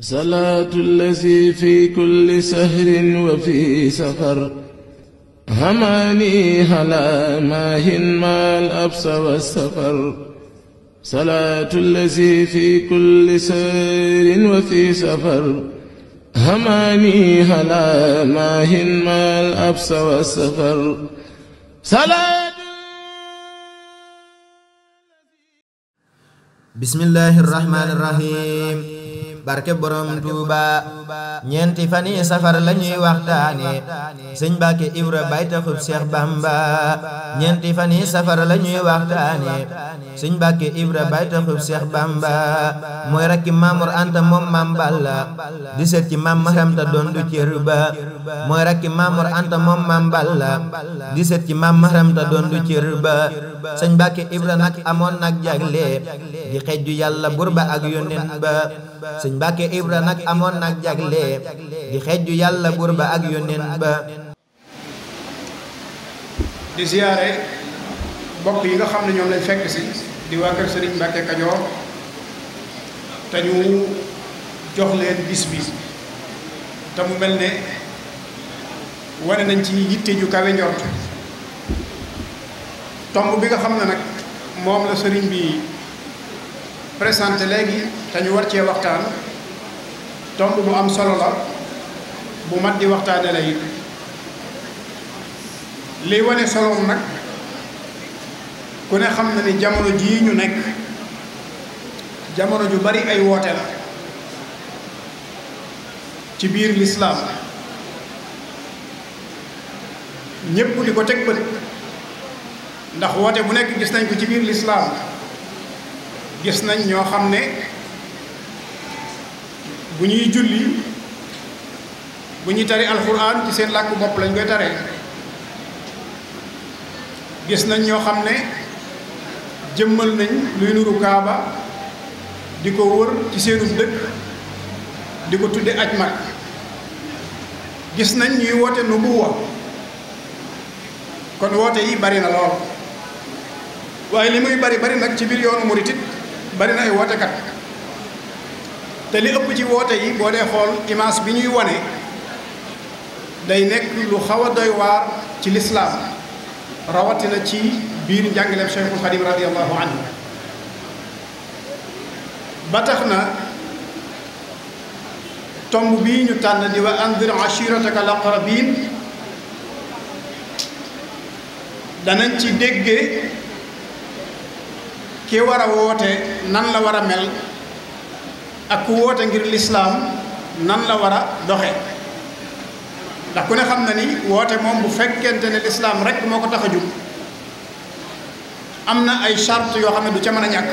صلاة الذي في كل سهر وفي سفر هماني هلا ماهن ما الأبس والسفر صلاة الذي في كل سهر وفي سفر هماني هلا ماهن ما الأبس والسفر صلاة بسم الله الرحمن الرحيم barke borom Touba ñeenti fa yi safar la ñuy waxtaane suñ Mbàkke Ibra bay taxub Seex Bamba ñeenti fan yi safara la ñuy waxtaane suñ Mbàkke Ibra bay taxub Seex Bamba mooy rakki Maamor Anta moom Maam Balla di seet ci maam Mahamta doon du cër ba mooy rakki Maamor Anta moom maam Balla di set ci maam Maram doon du cër ba sëñ Mbàkke Ibra nag amoon nag jagle di di xejju yàlla buur ba ak yónneen ba di ziyaare bokk yi nga xam ne ñoom lañ fekk si di waa kër Sëriñ Mbàkke Kajoor te ñu jox leen bis bi te mu mel ne wane nañ ci yitte ju kawe njort tomb bi nga xam na nag moom la sëriñ bi présenté léegi te ñu war cee waxtaan tomb bu am solo la bu mat di waxtaane la it liy wane soloom nag ku ne xam na ni jamono jii ñu nekk jamono ju bari ay woote la ci biir lislaam ñépp di ko teg bët ndax woote bu nekk gis nañ ko ci biir lislaam gis nañ ñoo xam ne bu ñuy julli bu ñuy tari alxuraan ci seen làkk bopp lañ koy taree gis nañ ñoo xam ne jëmmal nañ luy nuru kaaba di ko wër ci seenu dëkk di ko tudde aj mag gis nañ ñuy woote nubuwa kon woote yi bari na lool waaye li muy bari bari nag ci biir yoonu murit it bari na ay wootekat te li ëpp ci woote yi boo dee xool image bi ñuy wane day nekk lu xaw a doy waar ci lislaam rawatina ci biir njàngaleem Cheikhul Xadim radiallahu anhu ba tax na tomb bii ñu tànn di wa andir ashirataka al aqrabin danañ ci déggee ki war a woote nan la war a mel ak ku woote ngir lislaam nan la war a doxe ndax ku ne xam na ni woote moom bu fekkente ne lislaam rekk moo ko tax a jug am na ay charte yoo xam ne du ca mën a ñàkk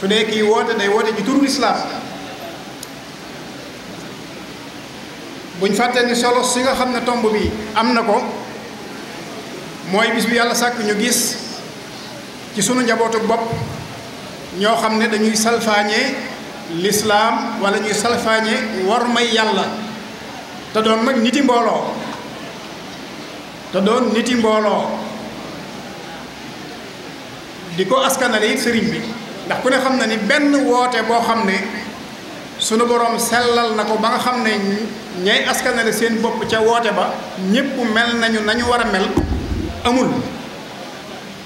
su dee kii woote day woote ci turu lislaam buñ fàtte ni solo si nga xam ne tomb bi am na ko mooy bis bi yàlla sàkk ñu gis ci sunu njabootu bopp ñoo xam ne dañuy salfaañee lislaam wala ñuy salfaañee war may yàlla te doon nag niti mbooloo te doon niti mbooloo di ko askanale sëriñ bi ndax ku ne xam na ni benn woote boo xam ne sunu borom sellal na ko ba nga xam ne ñay askanale seen bopp ca woote ba ñépp mel nañu nañu war a mel amul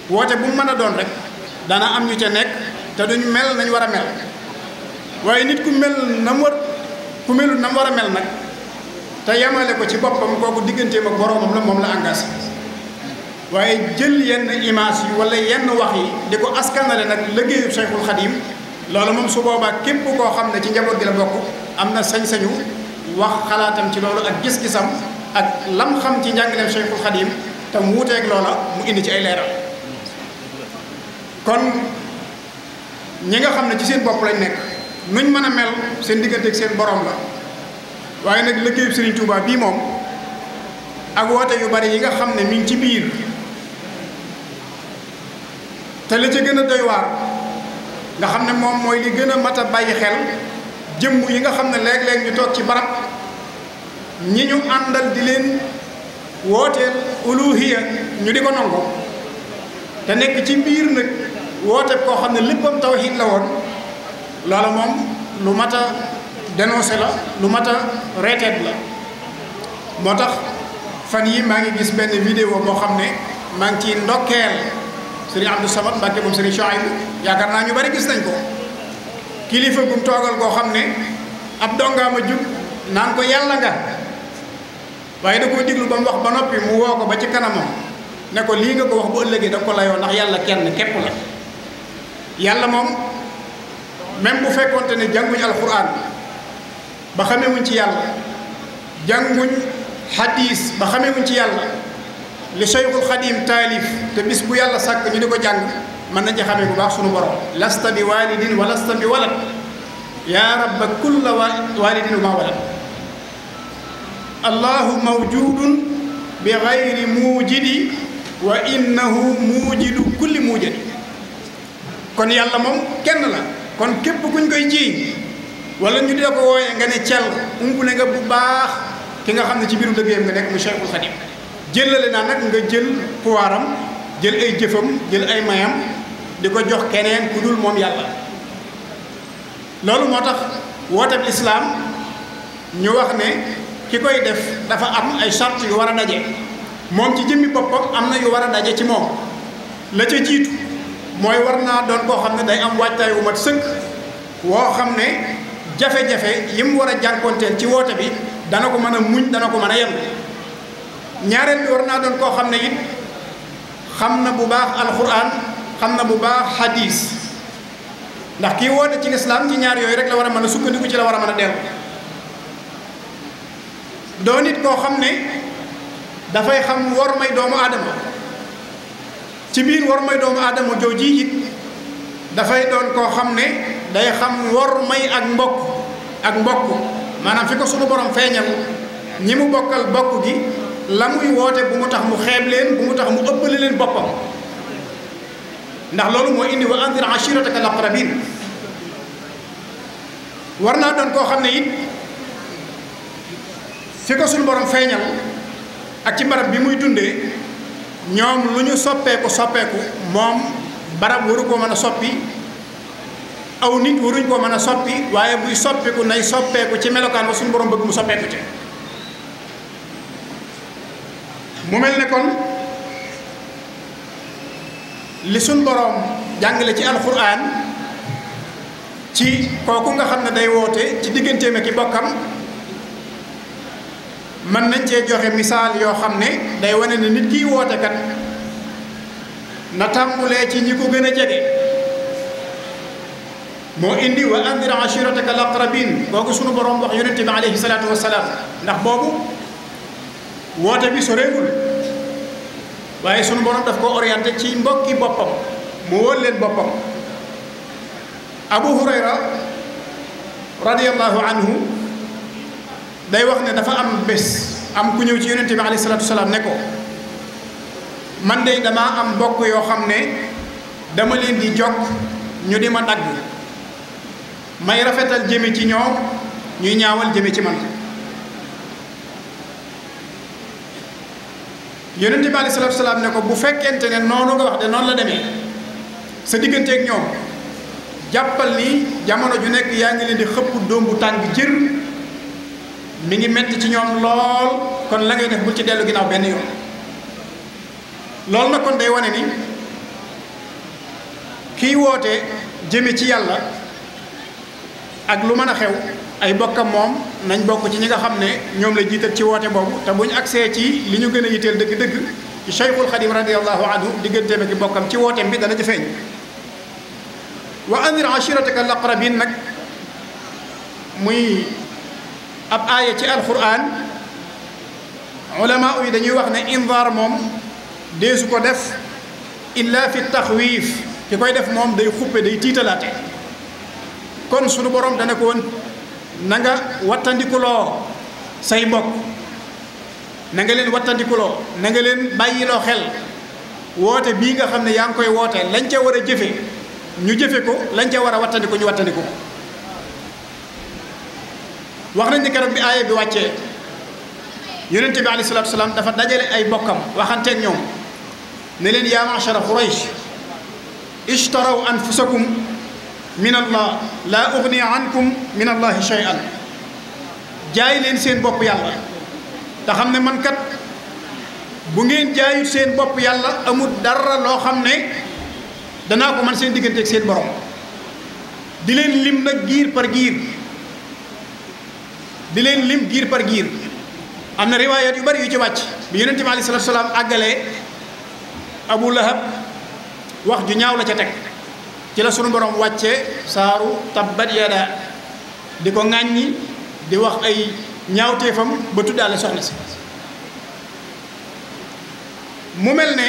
woote bu mu mën a doon rek dana am ñu ca nekk te duñ mel nañ war a mel waaye nit ku mel na mu war ku melul na war a mel nag te yemale ko ci boppam kooku digganteem ak boroomam la moom la engagé waaye jël yenn image yi wala yenn wax yi di ko askanale nag liggéeyu Cheikhul Khadim loolu moom su boobaa képp koo xam ne ci njaboot gi la bokk am na sañ-sañu wax xalaatam ci loolu ak gis-gisam ak lam xam ci njàngaleem Cheikhul Khadim te mu wuuteeg loola mu indi ci ay leeral kon ñi nga xam ne ci seen bopp lañ nekk nuñ mën a mel seen digganteeg seen borom la waaye nag liggéeyu Serigne Touba bii moom ak woote yu bari yi nga xam ne mi ngi ci biir te li ca gën a doy waar nga xam ne moom mooy li gën a mat bàyyi xel jëmm yi nga xam ne léeg-léeg ñu toog ci barab ñi ñu àndal di leen. wooteel uluhiya ñu di ko nongo te nekk ci mbiir nag woote koo xam ne léppam tawhid la woon loola moom lu mat a la lu mat a reeteet la moo tax fan yi maa ngi gis benn vidéo moo xam ne maa ngi ciy ndokkeel Serigne Abdou Samad Mbacke moom Serigne Chouaib yaakaar naa ñu bari gis nañ ko kilifa gum toogal koo xam ne ab dongaama jug naan ko yàlla nga waaye da koo diglu ba mu wax ba noppi mu woo ko ba ci kanamam ne ko lii nga ko wax bu ëllëgee da ko layoo ndax yàlla kenn képp la yàlla moom même bu fekkonte ne jànguñ alquran ba xamewuñ ci yàlla jànguñ hadis ba xamewuñ ci yàlla li Cheikhul Xadim taalif te bis bu yàlla sàkk ñu di ko jàng mën nañ ci xamee bu baax sunu borom lasta bi walidin wa lasta bi walad yaa rabba kulla walidin wa ma walad allahu mawjudun bi gayri di wa innahu muujidu kulli muujadi kon yàlla moom kenn la kon képp kuñ koy jiiñ wala ñu dee ko wooyee nga ne cel umpule nga bu baax ki nga xam ne ci biiru liggéeyam nga nekk mu Cheikhul Khadim jëlale naa nag nga jël pouvoiram jël ay jëfam jël ay mayam di ko jox keneen ku dul moom yàlla loolu moo tax wooteeb islaam ñu wax ne ki koy def dafa am ay charte yu war a daje moom ci jëmmi boppam am na yu war a daje ci moom la ca jiitu mooy war naa doon koo xam ne day am waajtaay wu mat sënk woo xam ne jafe-jafe yi mu war a jànkonteel ci woote bi dana ko mën a muñ dana ko mën a yem ñaareel bi war naa doon koo xam ne it xam na bu baax alxuraan xam na bu baax hadis ndax kii woote ci lislaam ci ñaar yooyu rek la war a mën a sukkandiku ci la war a mën a dellu doo nit koo xam ne dafay xam war may doomu aadama ci biir war may doomu aadama jooji it dafay doon koo xam ne day xam war may ak mbokk ak mbokk maanaam fi ko sunu borom feeñal ñi mu bokkal bokk gi la muy woote bu mu tax mu xeeb leen bu mu tax mu ëppale leen boppam ndax loolu moo indi wa anzir ashirataka al aqrabin war naa doon koo xam ne it fi ko suñu borom feeñal ak ci barab bi muy dundee ñoom lu ñu soppeeku soppeeku moom barab waru ko mën a soppi aw nit waruñ ko mën a soppi waaye buy soppeeku nay soppeeku ci melokaan wa suñu borom bëgg mu soppeeku mu mel ni kon li suñ boroom jàngale ci alxuraan ci kooku nga xam ne day woote ci digganteem ak i bokkam mën nañ cee joxe misaal yoo xam ne day wane na nit kiy woote kat na tàmbulee ci ñi ko gën a jege moo indi wa andir ashirataka al aqrabin kooku sunu borom wax yonente bi alayhi salaatu wasalaam ndax boobu woote bi soreegul waaye sunu borom daf ko orienté ci mbokki boppam mu wóol leen boppam abu hurayra radiallahu anhu day wax ne dafa am bés am ku ñëw ci yonente bi alayhi salaatu salaam ne ko man de damaa am mbokk yoo xam ne dama leen di jog ñu di ma dagg may rafetal jëme ci ñoo ñuy ñaawal jëme ci man yonente bi alayhi salaatu salaam ne ko bu fekkente ne noonu nga noonu la demee sa digganteek ñoom jàppal ni jamono ju nekk yaa ngi leen di xëpp doom bu tàng jër mi ngi metti ci ñoom lool kon la ngay def bul ci dellu ginnaaw benn yoon loolu nag kon day wane ni kiy woote jëme ci yàlla ak lu mën a xew ay bokkam moom nañ bokk ci ñi nga xam ne ñoom la jiital ci woote boobu te buñ agsee ci li ñu gën a yitteel dëgg-dëgg ci Cheikhul Xadim radiallahu anhu digganteem ak bokkam ci wooteem bi dana ci feeñ wa andir ashirataka al aqrabin nag muy ab aaya ci alquran ulama yi dañuy wax ne invar moom deesu ko def illa fi taxwiif ki koy def moom day xuppe day tiitalaate kon sunu borom dana ko woon na wattandikuloo say mbokk na nga leen wattandikuloo na nga leen bàyyiloo xel woote bii nga xam ne yaa ngi koy woote lañ ca war a jëfe ñu jëfe ko lañ ca war a wattandiku ñu wattandiku wax nañ ni keroog bi aaya bi wàccee yonent bi alayhi salaatu salaam dafa dajale ay bokkam waxanteeg ñoom ne leen yaa ma'shara Quraysh ishtaraw anfusakum min allah laa ugni ankum min allahi shay'an jaay leen seen bopp yàlla te ne man kat bu ngeen jaayut seen bopp yàlla amul dara loo xam ne danaa ko man seen digganteeg seen borom di leen lim nag giir par giir di leen lim giir par giir am na riwaayaat yu bari yu ci wàcc bi yonente bi aleyhi salaatu salaam àggalee abu lahab wax ju ñaaw la ca teg ci la sunu borom wàcce saaru tabbat yada di ko ŋàññi di wax ay ñaawteefam ba tuddaale soxna si mu mel ne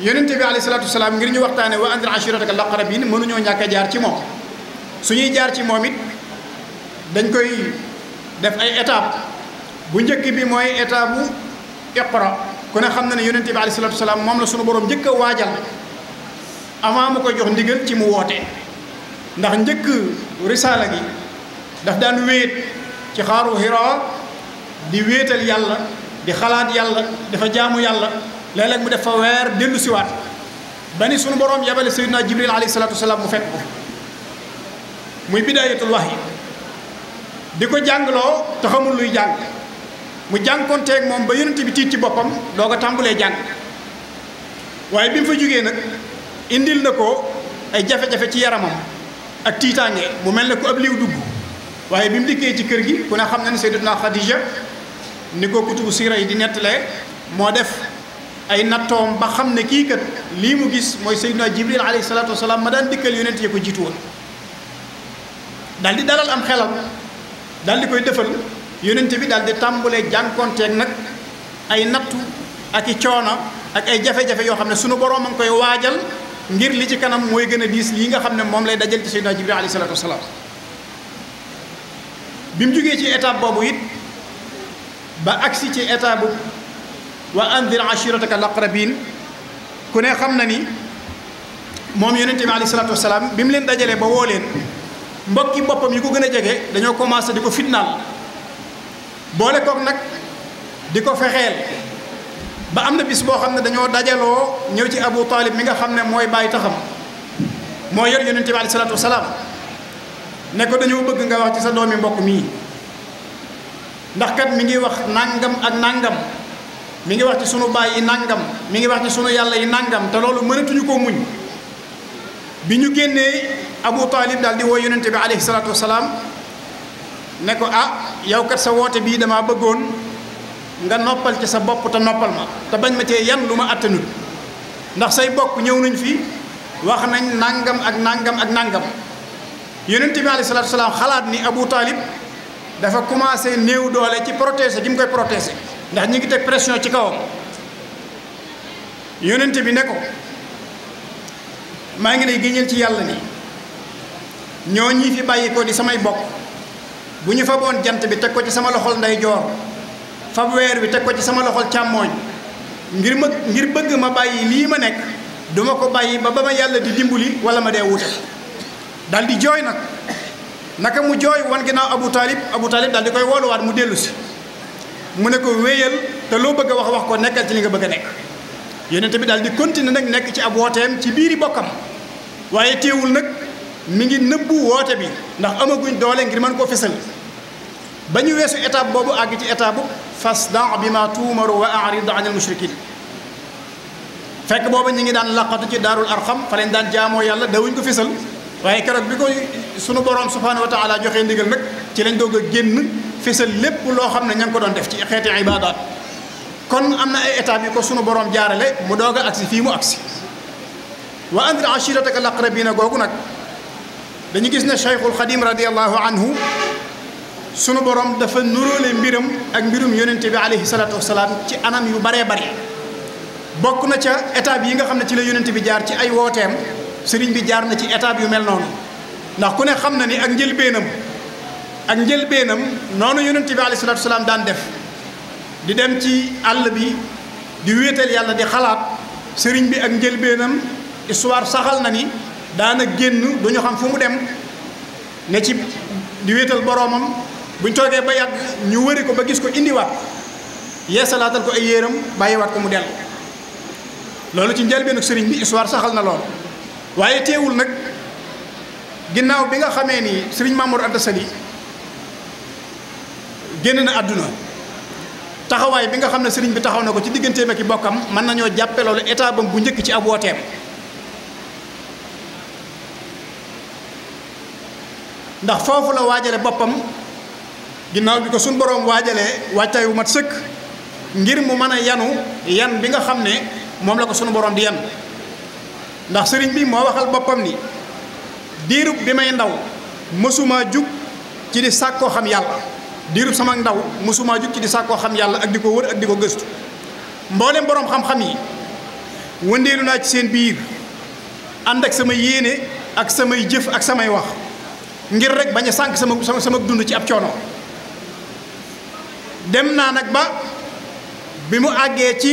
yonente bi aleyhi salaatu salaam ngir ñu waxtaane wa andir ashirataka laqrabin mënuñoo ñàkk a jaar ci moom suñuy jaar ci moom it dañ koy def ay étape bu njëkk bi mooy étape bu ku ne xam na ne yonente bi alayhi salaatu salaam moom la sunu boroom njëkk a waajal avant mu koy jox ndigal ci mu woote ndax njëkk risaala gi daf daan wéet ci xaaru Hiraa di wéetal yàlla di xalaat yàlla dafa jaamu yàlla léeg-léeg mu def fa weer dellu siwaat ba ni sunu boroom yabale sayyidina Jibril alayhi salaatu salaam mu fekk ko muy bidaayatul wahyi di ko jàngloo te xamul luy jàng mu jànkonteeg moom ba yonent bi tiit ci boppam doo ko tàmbulee jàng waaye bi mu fa jógee nag indil na ko ay jafe-jafe ci yaramam ak tiitaange mu mel ne ku ab liw dugg waaye bi mu dikkee ci kër gi ku ne xam na ne Sayyidatuna Khadija ni ko kutubu siira yi di nettalee moo def ay nattoom ba xam ne kii kat lii mu gis mooy Sayyiduna Jibril alayhi salaatu wasalaam ma daan dikkal yonent ya ko jiitu woon dal di dalal am daal di koy defal yonent bi daal di tàmbalee nag ay nattu ak i coono ak ay jafe-jafe yoo xam ne sunu borom a ngi koy waajal ngir li ci kanam mooy gën a diis lii nga xam ne moom lay dajal ci Seydina Jibril alayhi salaatu wasalaam bi mu jógee ci étape boobu it ba agsi ci étape bu wa andir ashirataka al-aqrabin ku ne xam na ni moom yonent bi alayhi salaatu wasalaam bi mu leen dajalee ba woo leen. mbokki mboppam yi ko gën a jege dañoo commencé di ko fitnaal boole kook nag di ko fexeel ba am na bis boo xam ne dañoo dajaloo ñëw ci Abu Talib mi nga xam ne mooy bàyyi taxam moo yor yonente bi aleyhi salaatu wasalaam ne ko dañoo bëgg nga wax ci sa doomi mbokk mii ndax kat mi ngi wax nàngam ak nàngam mi ngi wax ci sunu baay yi nàngam mi ngi wax ci sunu yàlla yi nàngam te loolu mënatuñu ko muñ bi ñu génnee Abu Talib daal di woo yonante bi alayhi salaatu wasalaam ne ko ah yow kat sa woote bii damaa bëggoon nga noppal ci sa bopp te noppal ma te bañ ma cee yan lu ma attanut ndax say bokk ñëw nañ fi wax nañ nangam ak nangam ak nangam yonente bi salaat salaatu wasalaam xalaat ni Abu Talib dafa commencé néew doole ci protéger gi mu koy protéger ndax ñu ngi teg pression ci kawam yonente bi ne ko maa ngi ne génneel ci yàlla ni ñoo ñii fi bàyyi ko di samay bokk bu ñu faboon jant bi teg ko ci sama loxol ndeyjoor fab weer bi teg ko ci sama loxol càmmooñ ngir ma ngir bëgg ma bàyyi lii ma nekk duma ko bàyyi ba ba ma yàlla di dimbali wala ma dee wute dal di jooy nag naka mu jooy wan ginnaaw abu taalib abu taalib dal di koy wooluwaat mu dellu si mu ne ko wéyal te loo bëgg a wax wax ko nekkal ci li nga bëgg a nekk yonent bi dal di continuer nag nekk ci ab wooteem ci biiri bokkam waaye teewul mi ngi nëbbu woote bi ndax amaguñ doole ngir mën koo fesal ba ñu weesu étape boobu àgg ci étape fas fasda bi ma tuumaru wa arid an al mushrikin fekk booba ñu ngi daan laqatu ci daarul arxam fa leen daan jaamoo yàlla dawuñ ko fesal waaye keroog bi ko sunu borom subhanahu wa taala joxee ndigal nag ci lañ doog a génn fesal lépp loo xam ne ña ngi ko doon def ci xeeti ibaadaat kon am na ay étapes yu ko sunu borom jaarale mu doog a agsi fii mu agsi wa andir ashirataka al aqrabina googu nag dañu gis ne Cheikhul Xadim radiyallahu anhu sunu borom dafa nuróole mbiram ak mbirum yonente bi alayhi salaatu wasalaam ci anam yu baree bare bokk na ca étape yi nga xam ne ci la yonente bi jaar ci ay wooteem sëriñ bi jaar na ci étape yu mel noonu ndax ku ne xam na ni ak njëlbeenam ak njëlbeenam noonu yonente bi alayhi salaatu wasalaam daan def di dem ci àll bi di wéetal yàlla di xalaat sëriñ bi ak njëlbeenam histoire saxal na ni daana génn du ñu xam fu mu dem ne ci di wéetal boroomam buñ toogee ba yàgg ñu wëri ko ba gis ko indiwaat yeesalaatal ko ay yéeram bàyyiwaat ko mu dellu loolu ci njëlbeenu sëriñ bi histoire saxal na lool waaye teewul nag ginnaaw bi nga xamee ni sëriñ Mamour Anta Sali génn na àdduna taxawaay bi nga xam ne sëriñ bi taxaw na ko ci digganteem ak i bokkam mën nañoo jàppe loolu état bam bu njëkk ci ab wooteem ndax foofu la waajale boppam ginnaaw bi ko suñ boroom waajalee wàccaay wu mat sëkk ngir mu mën a yanu yan bi nga xam ne moom la ko sunu boroom di yan ndax sëriñ bi moo waxal boppam ni diirub bi may ndaw mësumaa jug ci di koo xam yàlla diirub sama ndaw mësumaa jug ci di sàkkoo xam yàlla ak di ko wër ak di ko gëstu mboolem boroom xam-xam yi wëndeelu naa ci seen biir ànd ak sama yéene ak samay jëf ak samay wax ngir rek bañ a sànq sama sama sama dund ci ab coono dem naa nag ba bi mu àggee ci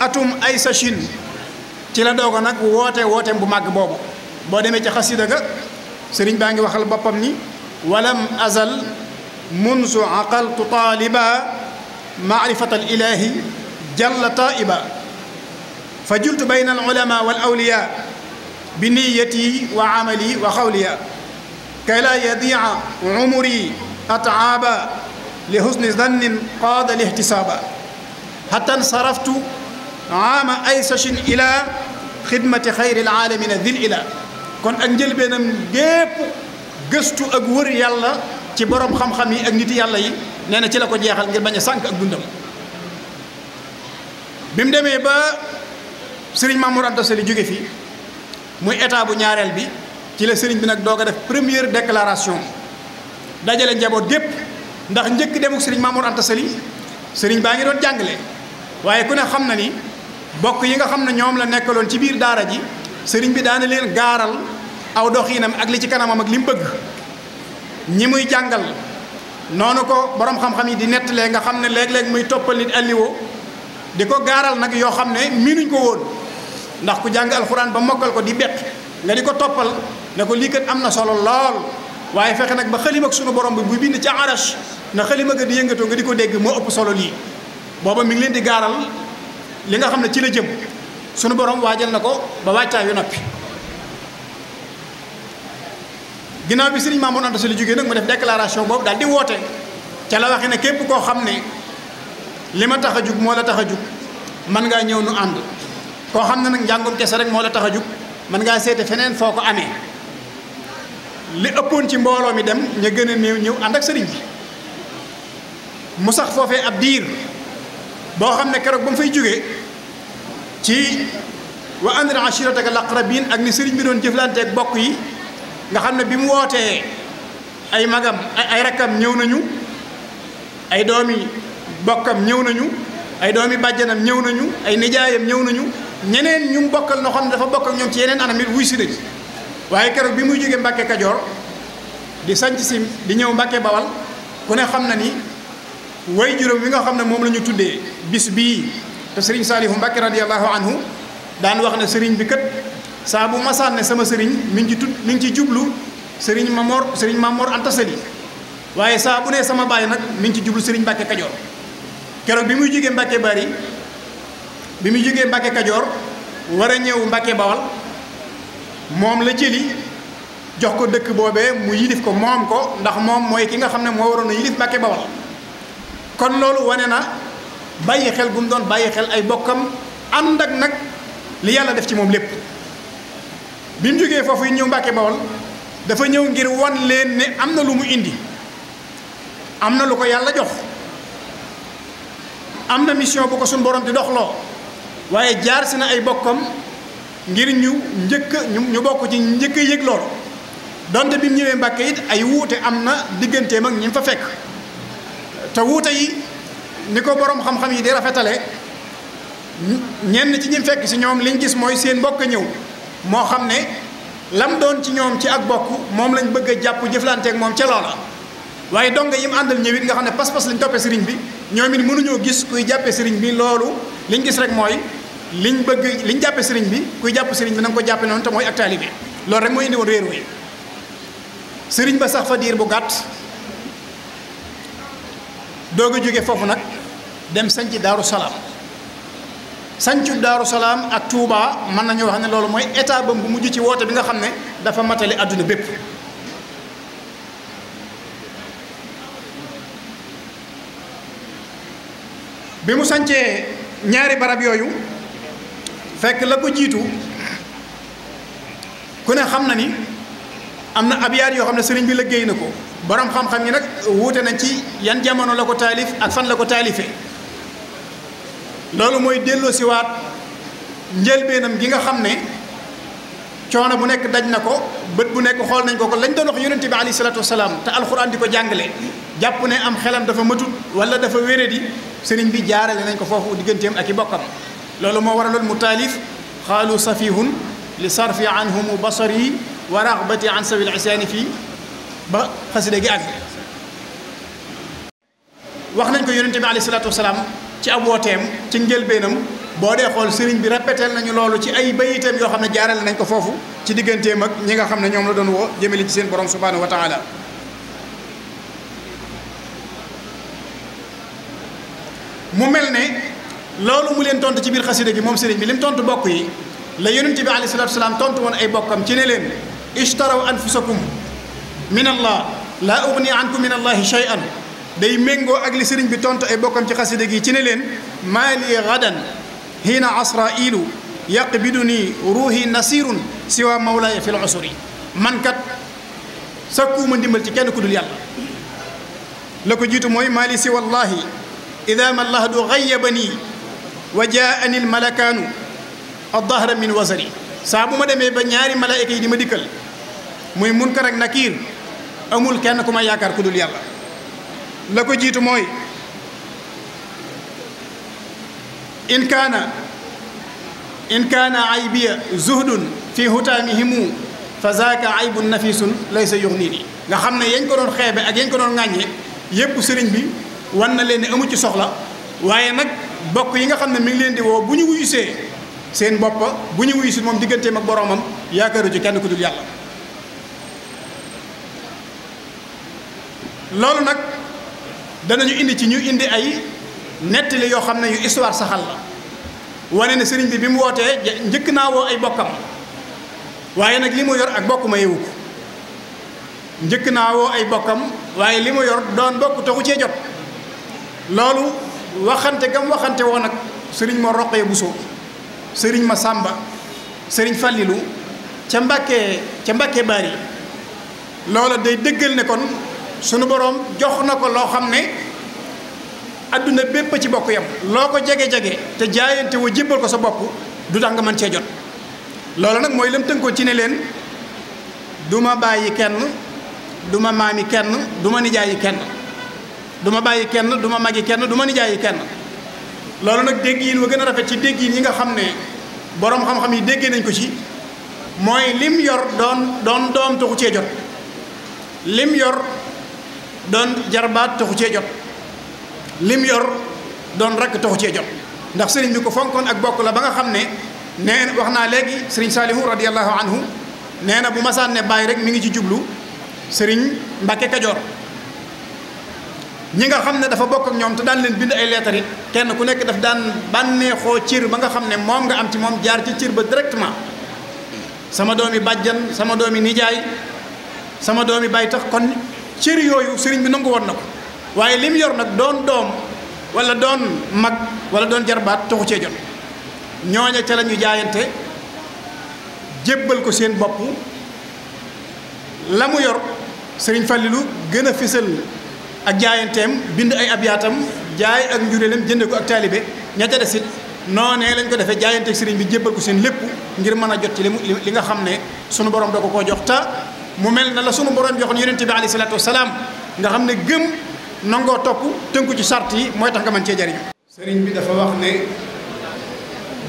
atum ay sa Chine ci la doogo nag woote wooteem bu màgg boobu boo demee ci xasida ga sëriñ baa ngi waxal boppam ni walam azal munzu aqaltu taaliba maarifata al ilahi jalla taiba fa jultu bayna al ulama wal awliya bi niyati wa amali wa xawliya kay a yadiia umri ataaba li husni zannin qaada lihtisaaba hatta nsaraftu aama aysashin ila xidmati xayri alaalamina dil ila kon ak njëlbeenam gépp gëstu ak wër yàlla ci boroom xam-xam yi ak nit yàlla yi nee ci la ko jeexal ngir bañ a sànq ak dundam bi demee ba sëriñ Mamour Anta Sali jóge fi muy état bu ñaareel bi ci la sëriñ bi nag doog ko def première déclaration dajale njaboot gépp ndax njëkk demuk sëriñ Mamour Anta sëriñ baa ngi doon jàngale waaye ku ne xam na ni bokk yi nga xam ne ñoom la nekkaloon ci biir daara ji sëriñ bi daana leen gaaral aw doxinam ak li ci kanamam ak li mu ñi muy jàngal noonu ko boroom xam-xam yi di nettalee nga xam ne léeg-léeg muy toppal nit alliwo di ko gaaral nag yoo xam ne miinuñ ko woon ndax ku jàng alxuraan ba mokkal ko di bett nga ko toppal ne ko lii kat am na solo lool waaye fexe nag ba xalima ak sunu borom bi buy bind ci arash na xalima ga di yëngatoo nga di ko dégg moo ëpp solo lii booba mi ngi leen di gaaral li nga xam ne ci la jëm sunu borom waajal na ko ba wàccaa yu noppi ginnaaw bi sëriñ Mamour Anta Sali jógee nag mu def déclaration boobu daal di woote ca la waxee ne képp koo xam ne li ma tax a jug moo la tax a jug mën ngaa ñëw nu ànd koo xam ne nag njàngum kese rek moo la tax a jug mën ngaa seete feneen foo ko amee li ëppoon ci mbooloo mi dem ña gën a néew ñëw ànd ak sëriñ bi mu sax foofee ab diir boo xam ne keroog ba mu fay jógee ci wa andir ashirataka al-aqrabin ak ni sëriñ bi doon jëflanteeg bokk yi nga xam ne bi mu wootee ay magam ay rakkam ñëw nañu ay doomi bokkam ñëw nañu ay doomi bàjjanam ñëw nañu ay nijaayam ñëw nañu ñeneen ñu bokkal noo xam ne dafa bokk ak ñoom ci yeneen anam it wuy si nañu waaye keroog bi muy jógee Mbàkke Kajoor di sanc si di ñëw Mbàkke Bawal ku ne xam na ni way juróom wi nga xam ne moom lañu tuddee bis bii te sëriñ Saalihu Mbàkke radiyallahu anhu daan wax ne sëriñ bi kat saa bu masaan ne sama sëriñ mi ci tudd mi ngi ci jublu sëriñ Mamor sëriñ mamoor Anta Sali waaye saa bu ne sama baay nag mi ngi ci jublu sëriñ Mbàkke Kajoor keroog bi muy jógee Mbàkke Bari bi muy jógee Mbàkke Kajoor war a ñëw Mbàkke Bawal moom la jëli jox ko dëkk boobe mu yilif ko moom ko ndax moom mooy ki nga xam ne moo waroon a yilif Mbàkke Bawal kon loolu wane na bàyyi xel bu mu doon bàyyi xel ay bokkam ànd ak nag li yàlla def ci moom lépp bi mu jógee foofu yi ñëw Mbàkke Bawal dafa ñëw ngir wan leen ne am na lu mu indi am na lu ko yàlla jox am na mission bu ko suñ borom di doxloo waaye jaar si na ay bokkam ngir ñu njëkk ñu bokk ci njëkk a loolu donte bi mu ñëwee Mbàkke it ay wuute am na digganteem ak ñi fa fekk te wuute yi ni ko boroom xam-xam yi di rafetale ñenn ci ñi fekk si ñoom liñ gis mooy seen mbokk ñëw moo xam ne lam doon ci ñoom ci ak bokk moom lañ bëgg a jàpp jëflanteek moom ca loola waaye donga yi mu àndal ñëwit nga xam ne pas-pas lañ toppee sëriñ bi ñoom it mënuñoo gis kuy jàppee sëriñ bi loolu liñ gis rek mooy liñ bëgg liñ jàppe sëriñ bi kuy jàpp sëriñ bi na ko jàppe noonu te mooy ak taalibe loolu rek mooy indi woon réer wi sëriñ ba sax fa diir bu gàtt doog a jóge foofu nag dem sanc daaru salaam sancu daaru salaam ak Touba mën nañoo wax ne loolu mooy état bam bu mujj ci woote bi nga xam ne dafa matale àdduna bépp bi mu sancee ñaari barab yooyu fekk la ko jiitu ku ne xam na ni am na abiyaat yoo xam ne sëriñ bi liggéey na ko boroom xam-xam yi nag wuute nañ ci yan jamono la ko taalif ak fan la ko taalife loolu mooy delloosiwaat njëlbeenam gi nga xam ne coono bu nekk daj na ko bët bu nekk xool nañ ko ko lañ doon wax yonente bi alayhi salaatu wasalaam te alxuraan di ko jàngale jàpp ne am xelam dafa matut wala dafa wéré di sëriñ bi jaarale nañ ko foofu digganteem ak i bokkam loolu moo waraloon mu taalif xaalu safihun li sarfi anhumu basari wa raxbati an sabil isaani fii ba xasida gi àgg wax nañ ko yonente bi alayhi salaatu wasalaam ci ab wooteem ci njëlbeenam boo dee xool sëriñ bi répétel nañu loolu ci ay bayitam yoo xam ne jaarale nañ ko foofu ci digganteem ak ñi nga xam ne ñoom la doon woo jëmale ci seen borom subhaanahu wa taala mu mel ne loolu mu leen tontu ci biir xasida gi moom sëriñ bi lim tontu bokk yi la yonent bi alayhi salaatu salaam tontu woon ay bokkam ci ne leen ishtaraw anfusakum min allah laa ugni ankum min allahi shay'an day méngoo ak li sëriñ bi tontu ay bokkam ci xasida gi ci ne leen maa li gadan hiina asrailu yaqbidu nii ruuhi nasirun siwa mawlaaya fi l man kat sakkuuma ndimbal ci kenn ku dul yàlla la jiitu mooy maa siwa allahi ida ma lahdu gayyaba nii wa jaani l malakaanu addahra min wasari saa bu ma demee ba ñaari malaayka yi di ma dikkal muy munkar ak nakiir amul kenn ku ma yaakaar ku dul yàlla la ko jiitu mooy in kaana in kaana aybiya zuhdun fi hutaamihimu fa zaaka aybun nafisun laysa yuxnini nga xam ne yañ ko doon xeebe ak yañ ko doon ŋàññee yépp sëriñ bi wan na leen ne amu ci soxla waaye nag bokk yi nga xam ne mi ngi leen di woo bu ñu wuyusee seen bopp bu ñu wuyusi moom digganteem ak boroomam yaakaaru ci kenn ku dul yàlla loolu nag danañu indi ci ñu indi ay nettali yoo xam ne yu histoire saxal la wane ne sëriñ bi bi mu wootee njëkk naa woo ay bokkam waaye nag li mu yor ak bokk ma yewu ko njëkk naa woo ay bokkam waaye li mu yor doon bokk taxu cee jot loolu waxante gam waxante woon nag sëriñ ma roqee Bousso sëriñ ma sàmba sëriñ Fallilou ca Mbàkke ca Mbàkke Bari loola day dëggal ne kon sunu boroom jox na ko loo xam ne adduna bépp ci bokk yam loo ko jege-jege te jaayante wa jébbal ko sa bopp du tax nga mën cee jot loola nag mooy lam tënkoo ci ne leen duma bàyyi kenn duma maami kenn duma nijaayi kenn du bàyyi kenn duma ma magi kenn du ma nijaayi kenn loolu nag dégg yi gën a rafet ci dégg yi nga xam ne boroom xam-xam yi déggee nañ ko ci mooy lim yor doon doon doom taxu cee jot lim yor doon jarbaat taxu cee jot lim doon rakk taxu cee jot ndax sëriñ bi ko fonkoon ak bokk la ba nga xam ne nee wax naa léegi sëriñ Saalihu radiyallahu anhu nee na bu ma sànnee bàyyi rek mu ngi ci jublu sëriñ Mbàkke Kajoor ñi nga xam ne dafa bokk ak ñoom te daan leen bind ay leetar yi kenn ku nekk daf daan bànneexoo cër ba nga xam ne moom nga am ci moom jaar ci ciir ba directement sama yi bàjjan sama doomi nijaay sama yi bay tax kon cër yooyu sëriñ bi nangu woon na ko waaye li mu yor nag doon doom wala doon mag wala doon jarbaat taxu cee jot ñooña ca la ñu jaayante jébbal ko seen bopp la mu yor sëriñ Fallilou gën a fisal ak jaayanteem bind ay abiyatam jaay ak njuréelam jënde ko ak taalibe ña ca des it noonee lañ ko defee jaayanteeg sëriñ bi jébbal ku seen lépp ngir mën a jot ci li li nga xam ne sunu borom da ko koo jox ta mu mel na la sunu borom joxoon yonente bi alayhi salaatu wasalaam nga xam ne gëm nangoo topp tënku ci sart yi mooy tax nga mën cee jariñ sëriñ bi dafa wax ne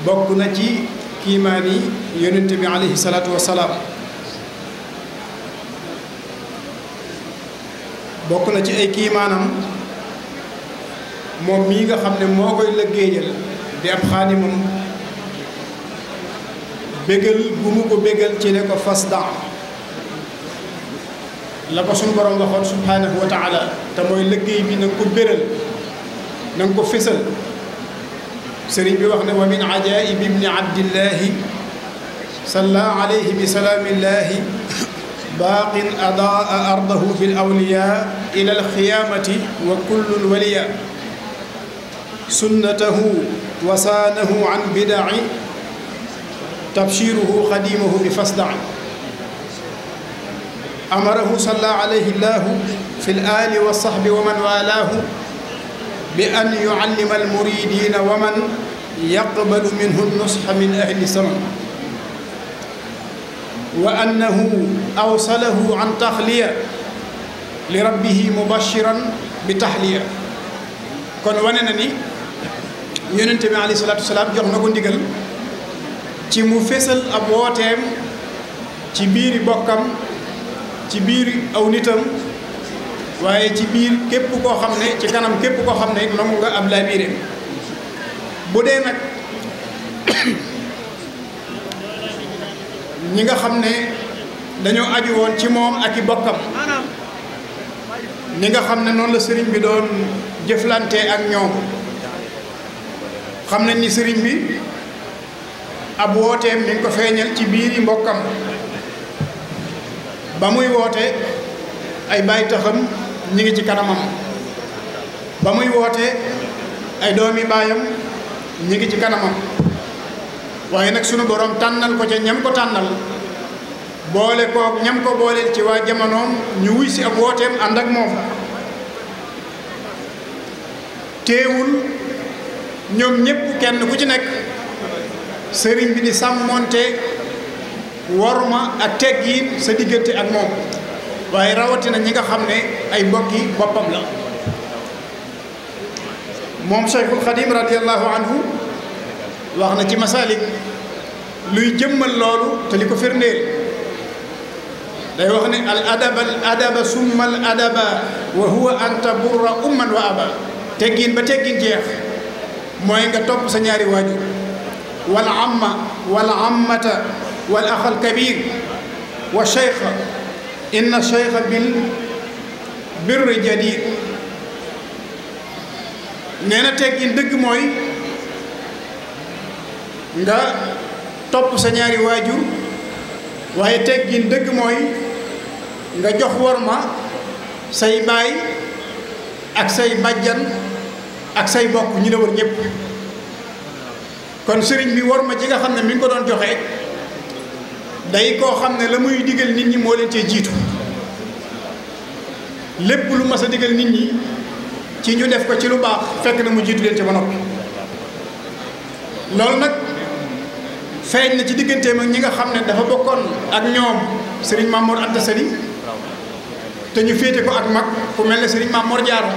bokk na ci kiimaani yonente bi alayhi salaatu wasalaam bokk na ci ay kiimaanam moom mii nga xam ne moo koy lëggéeyal di ab xaadimam bégal bu mu ko bégal ci ne ko fas da la ko suñu borom waxoon subhaanahu wa te mooy lëggéey bi na ko béral na ko fésal sëriñ bi wax ne wa min ajaaib ibni abdillahi salla alayhi bi salaamillahi baaqin adaa ardahu fi lawliya ila alxiyaamati wa kullun waliya sunnatahu wasaanahu an bidaci tabshiruhu xadimahu bi fasdaci amarahu salla alayhi llahu fi laali wa saxbi wa man walaahu bi an yucallima almuridina wa man yaqbalu minhu nusxa min ahli saman wa annahu awsalahu an taxliya li rabbihi mubashiran bi taxliya kon wane na ni yonente bi alayhi salaatu wasalaam jox na ko ndigal ci mu fésal ab wooteem ci biiri bokkam ci biir aw nitam waaye ci biir képp koo xam ne ci kanam képp koo xam ne nangu nga ab laabireem bu dee nag ñi nga xam ne dañoo aju woon ci moom ak i bokkam ñi nga xam ne noonu la sëriñ bi doon jëflante ak ñoom xam nañ ni sëriñ bi ab wooteem mi ngi ko feeñal ci biir i mbokkam ba muy woote ay bàyyi taxam ñi ngi ci kanamam ba muy woote ay doomi baayam ñi ngi ci kanamam waaye nag sunu boroom tànnal ko ca ñam ko tànnal boole kook ñam ko booleel ci waa jamonoom ñu wuy si ab wooteem ànd ak moom teewul ñoom ñépp kenn ku ci nekk sëriñ bi di sàmmoonte waruma ak teggiin sa diggante ak moom waaye rawatina ñi nga xam ne ay mbokki boppam la moom Cheikhul Khadim radiyallahu anhu wax na ci masaalik luy jëmmal loolu te li ko firndeel day wax ne al adaba al adaba summa al adaba wa huwa an taburra umman wa aba teggin ba teggin jeex mooy nga topp sa ñaari waajur wal amma wal ammata wal axal kabir wa cheikha inna cheikha bil birri jadid nee na teggin dëgg mooy nga topp sa ñaari waaju waaye teggin dëgg mooy nga jox worma say baay ak say bàjjan ak say bokk ñu la wër ñëpp kon sëriñ bi ma ci nga xam ne mi ngi ko doon joxee day koo xam ne la muy digal nit ñi moo leen cee jiitu lépp lu mas a digal nit ñi ci ñu def ko ci lu baax fekk na mu jiitu leen ci ba noppi loolu nag feeñ na ci digganteem ak ñi nga xam ne dafa bokkoon ak ñoom sëriñ Mamour Anta te ñu féete ko ak mag ku mel ne sëriñ Mamour Diarra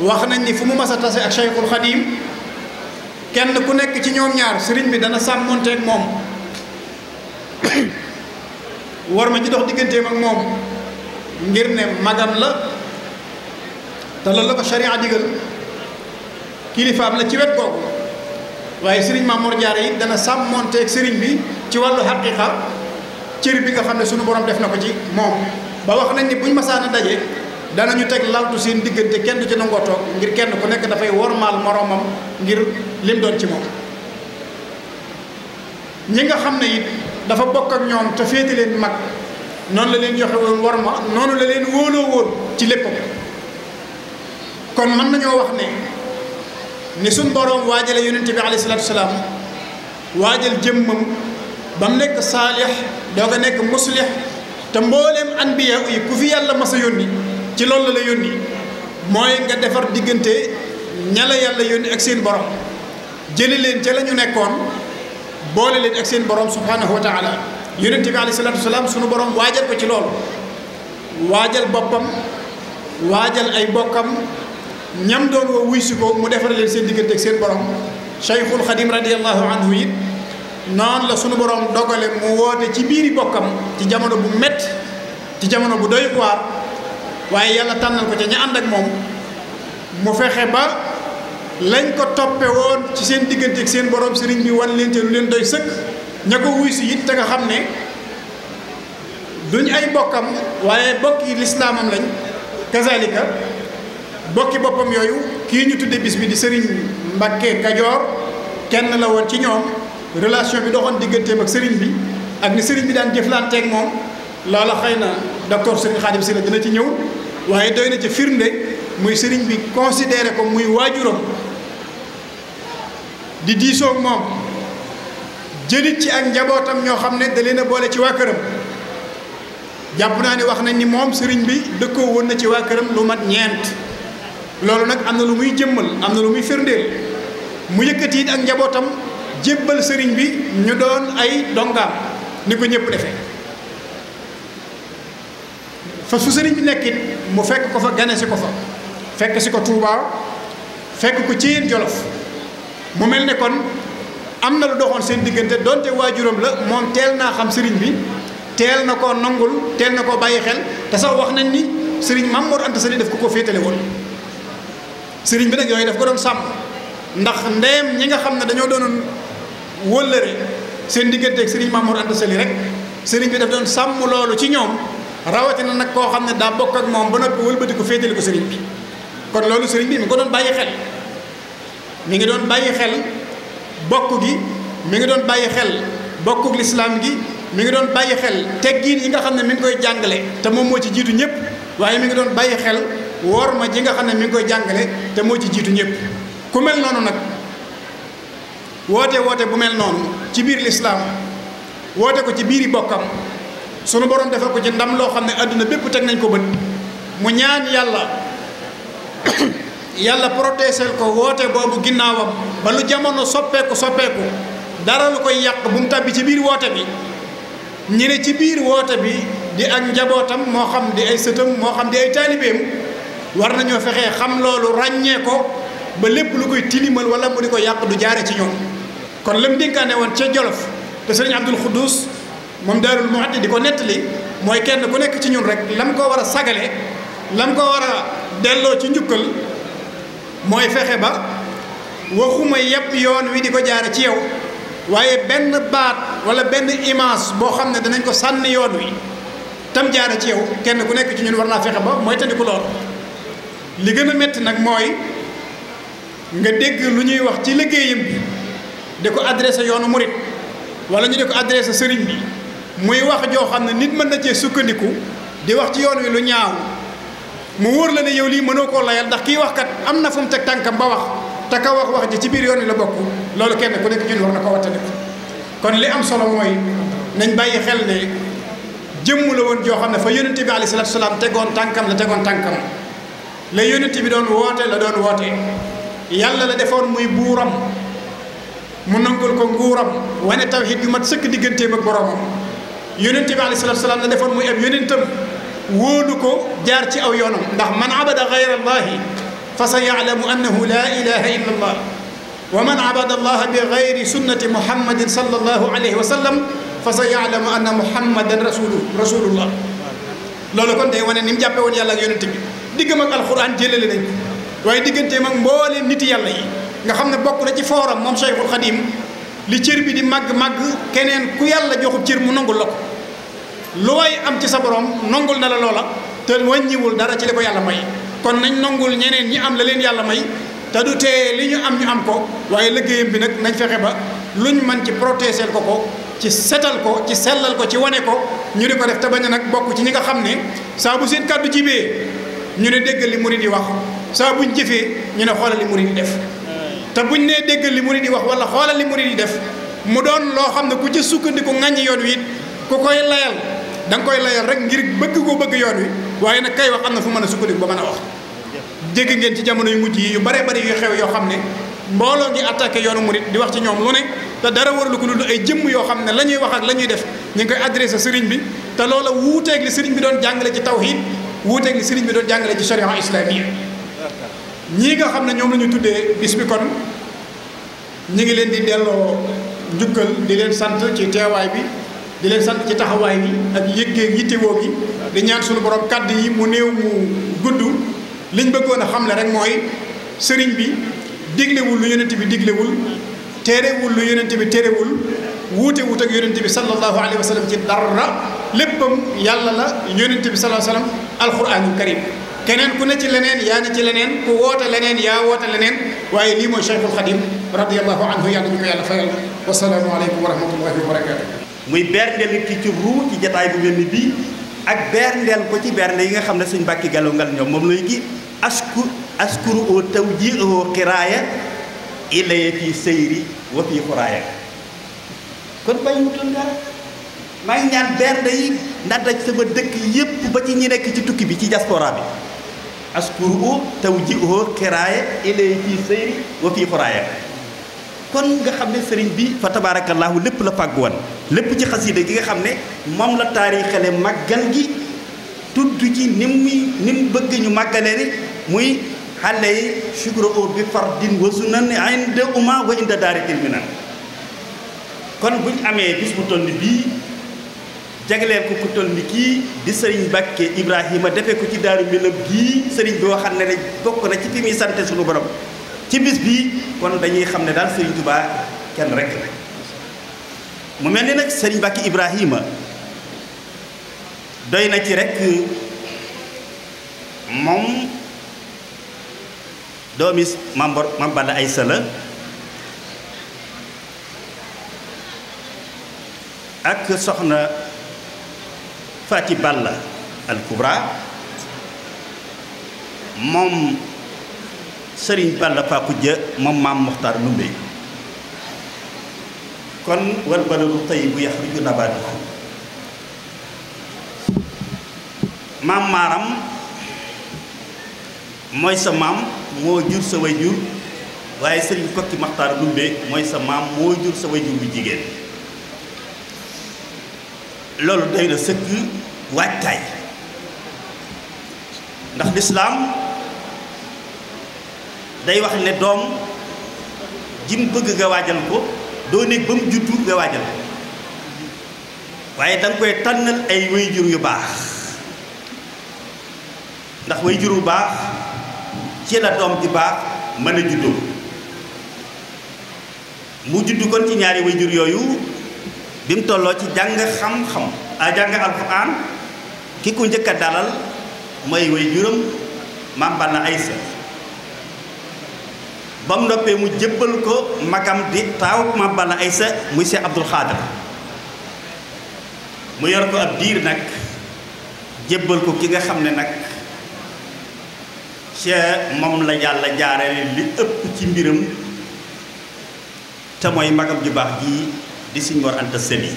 wax nañ ni fu mu mas a tase ak Cheikhul Khadim kenn ku nekk ci ñoom ñaar sëriñ bi dana sàmmonteeg moom war ma ci dox digganteem ak moom ngir ne magam la te loolu la ko sharia digal kilifaam la ci wet googu waaye sëriñ Mamour Diarra yi dana sàmmonteeg sëriñ bi ci wàllu xaqiqa cër bi nga xam ne suñu borom def na ko ci moom ba wax nañ ni buñ masaan a daje danañu teg lawtu seen diggante kenn du ci nangoo ngir kenn ku nekk dafay wormaal moroomam ngir lim doon ci moom ñi nga xam ne it dafa bokk ak ñoom te féete leen mag noonu la leen joxe woon noonu la leen wóoloo woon ci lépp kon mën nañoo wax ne ni suñ boroom waajale yonent bi alayhi salaatu salaam waajal jëmmam ba mu nekk saalix doo ko nekk muslix te mbooleem anbiya yi ku fi yàlla mas a yónni ci loolu la yónni mooy nga defar diggante ña la yàlla yónni ak seen borom jëli leen ca la ñu nekkoon boole leen ak seen borom subhanahu wa taala yonent bi alayhi salaatu salaam sunu borom waajal ko ci loolu waajal boppam waajal ay bokkam ñam doon woo wuy si ko mu defar leen seen diggante ak seen borom Cheikhul Khadim radiallahu anhu it noonu la suñu boroom dogale mu woote ci biiri bokkam ci jamono bu mett ci jamono bu doy waar waaye yàlla tànnal ko ca ña ànd ak moom mu fexe ba lañ ko toppe woon ci seen diggante ak seen borom sëriñ bi wan leen ca lu leen doy sëkk ña ko wuy si it te nga xam ne duñ ay bokkam waaye bokki lislaamam lañ kazalika bokki boppam yooyu kii ñu tudde bis bi di sëriñ Mbàkke Kajoor kenn la woon ci ñoom relation bi doxoon digganteem ak sëriñ bi ak ni sëriñ bi daan jëflanteeg moom loola xay na docteur sëriñ Xaadim si la dina ci ñëw waaye doy na ci firnde muy sëriñ bi considéré ko muy waajuram di diisoog moom jëlit ci ak njabootam ñoo xam ne da na boole ci waa këram jàpp naa ne wax nañ ni moom sëriñ bi dëkkoo woon na ci waa këram lu mat ñeent loolu nag am na lu muy jëmmal am na lu muy firndeel mu yëkkati it ak njabootam jébbal sëriñ bi ñu doon ay dongaam ni ko ñëpp defe fa su sëriñ bi nekkit mu fekk ko fa gane si ko fa fekk si ko Touba fekk ko ci yéen Jolof mu mel ne kon am na lu doxoon seen diggante donte waajuram la moom teel naa xam sëriñ bi teel na koo nangul teel na koo bàyyi xel te sax wax nañ ni sëriñ Maam Mor Anta Sali daf ko ko féetale woon sëriñ bi nag yooyu daf ko doon sàmm ndax ndeem ñi nga xam ne dañoo doonoon wëllëre seen diggante digganteeg sëriñ Mamour Anta Sali rek sëriñ bi daf doon sàmm loolu ci ñoom rawatina nag koo xam ne daa bokk ak moom ba noppi wëlbati ko féetale ko sëriñ bi kon loolu sëriñ bi mi ko doon bàyyi xel mi ngi doon bàyyi xel bokk gi mi ngi doon bàyyi xel bokkuk lislaam gi mi ngi doon bàyyi xel teggiin yi nga xam ne mi ngi koy jàngale te moom moo ci jiitu ñëpp waaye mi ngi doon bàyyi xel wor ma ji nga xam ne mi ngi koy jàngale te moo ci jiitu ñëpp ku mel noonu nag woote woote bu mel noonu ci biir lislaam woote ko ci biiri bokkam sunu borom defal ko ci ndam loo xam ne àdduna bépp teg nañ ko bët mu ñaan yàlla yàlla protéseel ko woote boobu ginnaawam ba lu jamono soppeeku soppeeku dara lu koy yàq bu mu tàbbi ci biir woote bi ñi ne ci biir woote bi di ak njabootam moo xam di ay sëtam moo xam di ay taalibeem war nañoo fexee xam loolu ràññee ko ba lépp lu koy tilimal wala mu di ko yàq du jaare ci ñoom kon lam dénkaane woon ca Jolof te sëriñ Abdul Xuddus moom Daarul Muhti di ko nettali mooy kenn ku nekk ci ñun rek lam ko war a sagale lam ko war a delloo ci njukkal mooy fexe ba waxuma yëpp yoon wi di ko jaare ci yow waaye benn baat wala benn image boo xam ne danañ ko sànni yoon wi tam jaare ci yow kenn ku nekk ci ñun war naa fexe ba mooy tandiku loolu li gën a métti nag mooy nga dégg lu ñuy wax ci liggéeyam bi di ko adressé yoonu murit wala ñu di ko adressé sëriñ bi muy wax joo xam ne nit mën na cee sukkandiku di wax ci yoon wi lu ñaaw mu wóor la ne yow lii mënoo koo layal ndax kii wax kat am na fu mu teg tànkam ba wax te ka wax wax ji ci biir yoon wi la bokk loolu kenn ku nekk ñun wax na ko wattandiku kon li am solo mooy nañ bàyyi xel ne jëmm la woon joo xam ne fa yonente bi alayhi salaatu salaam tegoon tànkam la tegoon tànkam. la yonent bi doon woote la doon woote yàlla la defoon muy buuram mu nangul ko nguuram wane tawxiid yu mat sëkk digganteem ak boromam yonent bi alayhi salaatu salaam la defoon muy ab yonentam wóolu ko jaar ci aw yoonam ndax man abada gayra allahi fa sa yaalamu annahu laa ilaha illa allah wa man abada allaha bi gayri sunnati muhammadin sallallahu alayhi wa sallam fa sa yaalamu anna muhammadan rasulu rasulullah loolu kon day wane ni mu jàppe woon yàlla ak yonent bi diggam ak alxuraan jëlale nañ ko waaye digganteem ak mbooleem niti yàlla yi nga xam ne bokk na ci fooram moom Cheikhul Khadim li cër bi di màgg-màgg keneen ku yàlla joxub cër mu nangul la ko lu way am ci sa borom nangul na la loola te wàññiwul dara ci li ko yàlla may kon nañ nangul ñeneen ñi am la leen yàlla may te du tee li ñu am ñu am ko waaye liggéeyam bi nag nañ fexe ba lu ñu mën ci protéger ko ko ci seetal ko ci sellal ko ci wane ko ñu di ko def te bañ nag bokk ci ñi nga xam ne saa bu seen kàddu jibee ñu ne déggal li murid yi wax saa bu ñu jëfee ñu ne xoolal li murid yi def te bu buñ nee déggal li murid yi wax wala xoolal li murid yi def mu doon loo xam ne ku ci sukkandiku ŋàññi yoon wi it ku koy layal da koy layal rek ngir bëgg koo bëgg yoon wi waaye nag kay wax am na fu mën a sukkandiku ba mën a wax dégg ngeen ci jamono yu mujj yi yu bare bari yu xew yoo xam ne mbooloo ngi attaqué yoonu mu murit di wax ci ñoom lu ne te dara warlu ko lu ay jëmm yoo xam ne la ñuy wax ak la ñuy def ñu ngi koy adressé sëriñ bi te loola wuuteeg li sëriñ bi doon jàngale ci tawhid wuuteeg li sëriñ bi doon jàngale ci sharia islamiyya ñii nga xam ne ñoom la tuddee bis bi kon ñi ngi leen di delloo njukkal di leen sant ci teewaay bi di leen sant ci taxawaay bi ak yëggee yittewoo gi di ñaan suñu boroom kàddu yi mu néew mu gudd liñ bëggoon a xam ne rek mooy sëriñ bi diglewul lu yonent bi diglewul téerewul lu yonent bi téerewul wuute wut ak yonent bi sallallahu alayhi wa sallam ci dara léppam yàlla la yonent bi sallallahu wa sallam alquraanul karim keneen ku ne ci leneen yaa ne ci leneen ku woote leneen yaa woote leneen waaye lii mooy cheikhul xadim radiallahu anhu yàlla ñu ko yàlla fayal wasalaamualeykum wa rahmatullahi wa barakatu muy berndeel ki ci ruu ci jataay bu mel ni bii ak berndeel ko ci bernde yi nga xam ne suñ bàkki galo ngal ñoom moom lay gi asku askuru oo taw jioo xiraaya ilaya fii sëyri wa fii xuraaya kon bàyyiwutoon dara maa ngi ñaan bernde yi na sama dëkk yépp ba ci ñi nekk ci tukki bi ci diaspora bi askuru taw ji oo kiraaya ilay fii sëyri wa fii xoraaya kon nga xam ne sëriñ bi fa tabaarakallaahu lépp la fàgg woon lépp ci xasiida gi nga xam ne moom la taarixale màggal gi tudd ci ni muy ni mu bëgg ñu màggalee ni muy xale yi shukru bi fardin wa sunan inda uma wa inda daari ilminan kon buñ amee bis bu toll bii jagleel ko ku toll ni kii di sëriñ Bakke Ibrahima defee ko ci daaru Minam gii sëriñ bi waxam ne rek bokk na ci fi muy sante suñu borom ci bis bii kon dañuy xam ne daal sëriñ Tuubaa kenn rek la mu mel ni nag sëriñ Bakke Ibrahima doy na ci rek moom doomi mambor ay sëla ak soxna Fati Balla al Kubra moom maam Moxtaar Lumbe kon wal baladu tayyibu yaxruju nabaatuhu maam mooy sa maam moo jur sa way jur waaye Serigne Kokki Moxtaar Lumbe mooy sa maam moo jur sa way jur bu jigéen loolu day na sëkk waajtaay ndax lislaam day wax ne doom jim bëgg nga waajal ko doo nekk ba mu juddu nga waajal ko waaye da nga koy tànnal ay wayjur yu baax ndax wayjur yu baax ci la doom ji baax mën a juddoo mu juddu kon ci ñaari wayjur yooyu bi mu tolloo ci jàng xam-xam a ah, jàng alquran ki ku njëkk a dalal mooy way juróom maam Balla Aysa ba mu noppee mu jébbal ko magam di taaw maam Balla Aysa muy Seex Abdul Xaadir mu yor ko ab diir nag jébbal ko ki nga xam ne nag Seex moom la yàlla jaarale li ëpp ci mbiram te mooy magam ju baax ji di Sëriñ Mor Anta Sali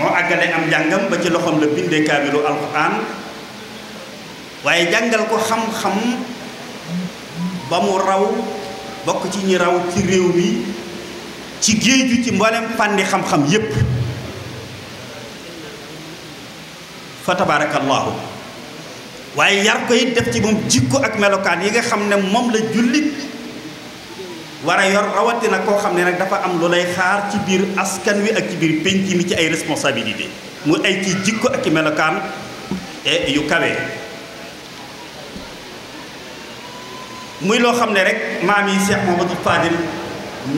moo àggale am njàngam ba ci loxoom la bindee kaabilu alxuraan waaye jàngal ko xam-xam ba mu raw bokk ci ñi raw ci réew mi ci géeju ci mboolem fànni xam-xam yépp fa tabaarakallaahu waaye yar ko def ci moom jikko ak melokaan yi nga xam ne moom la jullit war a yor na koo xam ne nag dafa am lu lay xaar ci biir askan wi ak ci biir penc mi ci ay responsabilité mu ay ci jikko ak ci melokaan e yu kawe muy loo xam ne rek maam yi Cheikh Mouhamadou Fadil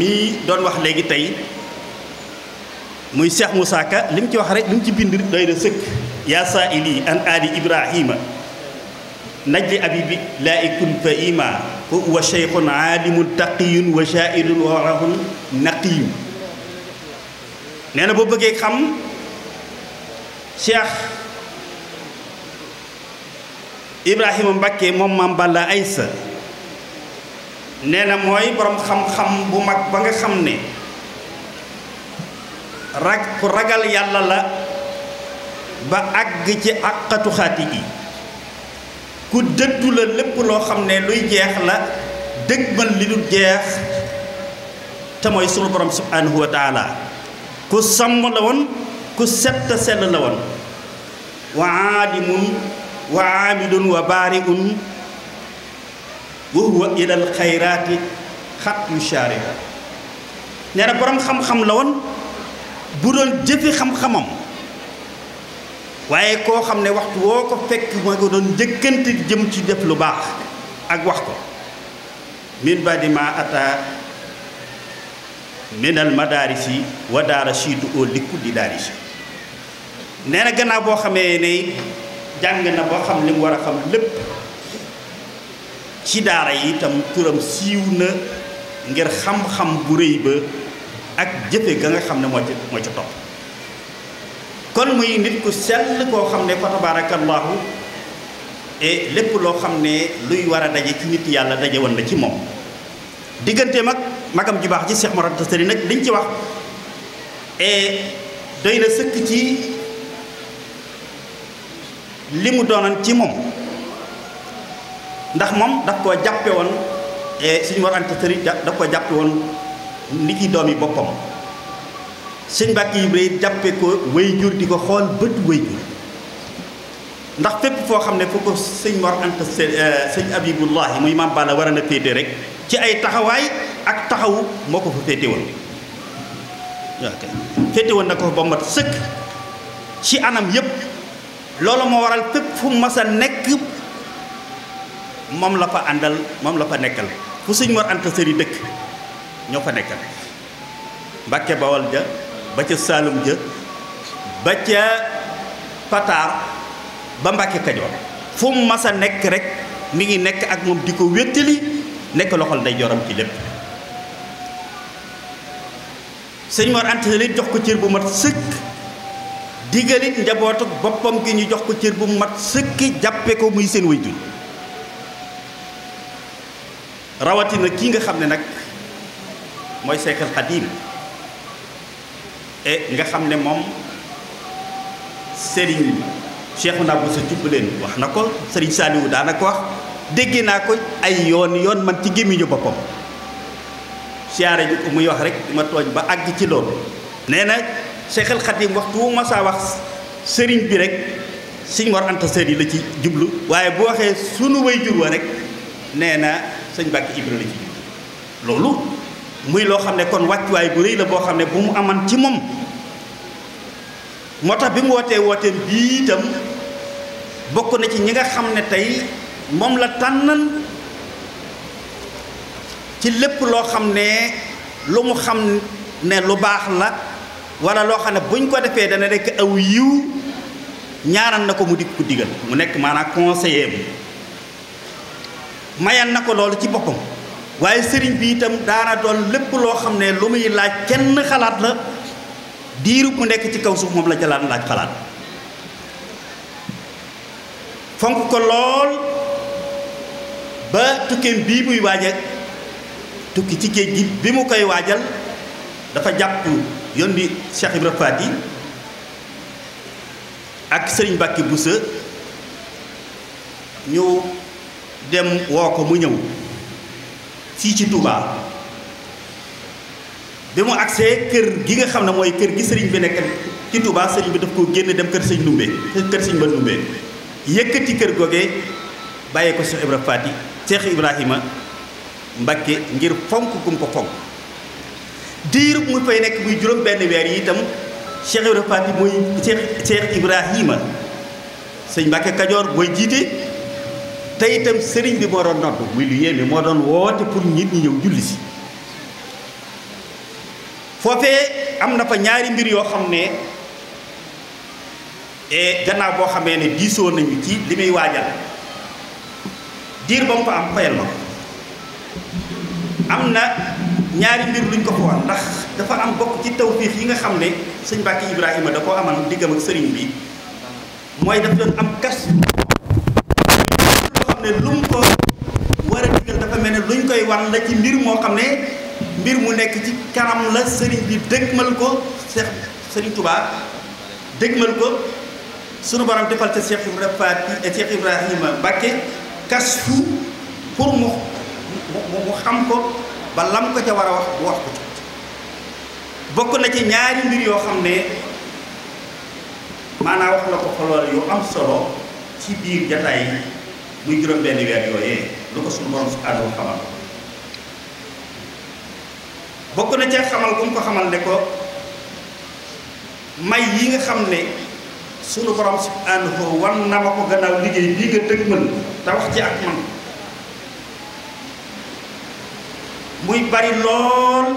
mii doon wax léegi tey muy Cheikh Moussa Ka li mu ci wax rek li mu ci bind doy na sëkk yaa saa ili an aali Ibrahima najli abibi laa ikun faima wa cheikhun aalimun taqiyun wa shairun wa warahun naqiyun nee na boo bëggee xam cheikh ibrahima mbakke moom maam balla aysa nee na mooy boroom xam-xam bu mag ba nga xam ne rag ku ragal yàlla la ba àgg ci àqatu xaati gi ku dëddu la lépp loo xam ne luy jeex la dëgmal li dul jeex te mooy sunu borom subhanahu wa taala ku sàmm la woon ku set sell la woon wa aadimun wa aamidun wa baariun wa huwa ilal xayraati xat yu shaari nee na borom xam-xam la woon bu doon jëfi xam-xamam waaye koo xam ne waxtu woo ko fekk ma ko doon jëkkante jëm ci def lu baax ak wax ko min badi ma ata minal madaarisi wa daara siitu oo likku di daarisi nee na gannaaw boo xamee ne jàng na boo xam li war a xam lépp ci daara yi itam turam siiw na ngir xam-xam bu rëy ba ak jëfe ga nga xam ne moo ci moo ci topp kon muy nit ku sell koo xam ne fa tabarakallahu e lépp loo xam ne luy war a daje ci nit yàlla daje woon na ci moom diggante mag magam ju baax ji Cheikh Mor Anta Sali nag liñ ci wax e doy na sëkk ci li mu doonoon ci moom ndax moom daf koo jàppe woon suñu Mor Anta Sali daf ko jàppe woon nit yi doom yi boppam sëñ Mbàkke Ibrahima jàppe ko wayjur di ko xool bët wayjur ndax fépp foo xam ne fu ko sëñ Mor Anta euh, sëñ Abibullahi muy maam Balla war a na féete rek ci ay taxawaay ak taxawu moo ko fa féete woon na ko fa ba mat sëkk ci anam yépp loolu moo waral fépp fu mas nekk moom la fa àndal moom la fa nekkal fu sëñ Mor Anta Sëri dëkk ñoo fa nekkal Mbàkke Bawol ja ba ca Saalum ja ba ca Pataar ba Mbàkke Kajoor fu mu mas nekk rek mu ngi nekk ak moom di ko wéttali nekk loxol day joram ci lépp sëñ Mor Anta jox ko cër bu mat sëkk digalit njabootu boppam gi ñu jox ko cër bu mat sëkki jàppe ko muy seen way dun rawatina kii nga xam ne nag mooy Seexal Xadiim e nga xam ne moom sëriñ Serigne Cheikhouna Bousso leen wax na ko Serigne Saliou daanaka wax dégg naa ko ay yoon yoon man ci gémmiñu boppam siyaare ji ko muy wax rek ma tooñ ba àgg ci loolu nee na Cheikh al Khadim waxtu wu ma saa wax sëriñ bi rek sëñ Mor Anta Sali la ci jublu waaye bu waxee sunu way jur wa rek nee na sëñ Mbàkke Ibra la ci jublu loolu muy loo xam ne kon wàccuwaay bu rëy la boo xam ne bu mu aman ci moom moo tax bi mu wootee wooteem bii itam bokk na ci ñi nga xam ne tey moom la tànnan ci lépp loo xam ne lu mu xam ne lu baax la wala loo xam ne buñ ko defee dana rekk aw yiw ñaaral na ko mu dikk ko digal mu nekk maanaam conseiller bu mayan na ko loolu ci boppam waaye sëriñ bi itam daana doon lépp loo xam ne lu muy laaj kenn xalaat la diiru mu nekk ci kaw suuf moom la jalaat laaj xalaat fonk ko lool ba tukkeem bii muy waaje tukki ci géej gi bi mu koy waajal dafa jàpp yónni Cheikh Ibra Faati ak sëriñ Mbàkke Buso ñu dem woo ko mu ñëw fii ci Touba bi mu agsee kër gi nga xam ne mooy kër gi sëriñ bi nekk ci Touba sëriñ bi daf koo génn dem kër sëñ Ndumbe kër sëñ ba Ndumbe yëkkati kër googee bàyyee ko Cheikh Ibrahima Fati Cheikh Ibrahima ngir fonk gum ko fonk diir mu fay nekk muy juróom benn weer yi itam Cheikh Ibrahima Fati mooy Cheikh Cheikh Ibrahima sëñ Mbacké Kajoor booy jiite tey itam sëriñ bi moo doon nodd muy lu yéeme moo doon woote pour nit ñi ñëw julli si foofee am na fa ñaari mbir yoo xam ne e gannaaw boo xamee ne diisoo nañu ci li muy waajal diir ba mu fa am fayal ma ko am na ñaari mbir luñ ko fa ndax dafa am bokk ci tawfiix yi nga xam ne sëñ Mbàkke Ibrahima da koo amal diggam ak sëriñ bi mooy daf doon am kas xam ne lu mu ko war a digal dafa mel ne luñ koy wax na ci mbir moo xam ne mbir mu nekk ci kanam la sëriñ bi dëgmal ko Cheikh Sëriñ Touba dëgmal ko sunu borom defal ca Cheikh Ibrahima Fati eh, Cheikh Ibrahima pour mu mu xam ko ba lam ca war a wax bu wax ko bokk na ci ñaari mbir yoo xam ne maanaa wax na ko xolool yu am solo ci biir jataay muy juróom-benn weer yooyee lu ko suñu borom subhanahu wa xamal bokk na ca xamal bu mu ko xamal ne ko may yi nga xam ne suñu borom subhanahu wan na ma ko gannaaw liggéey bii nga dëgg mën te wax ci ak man muy bari lool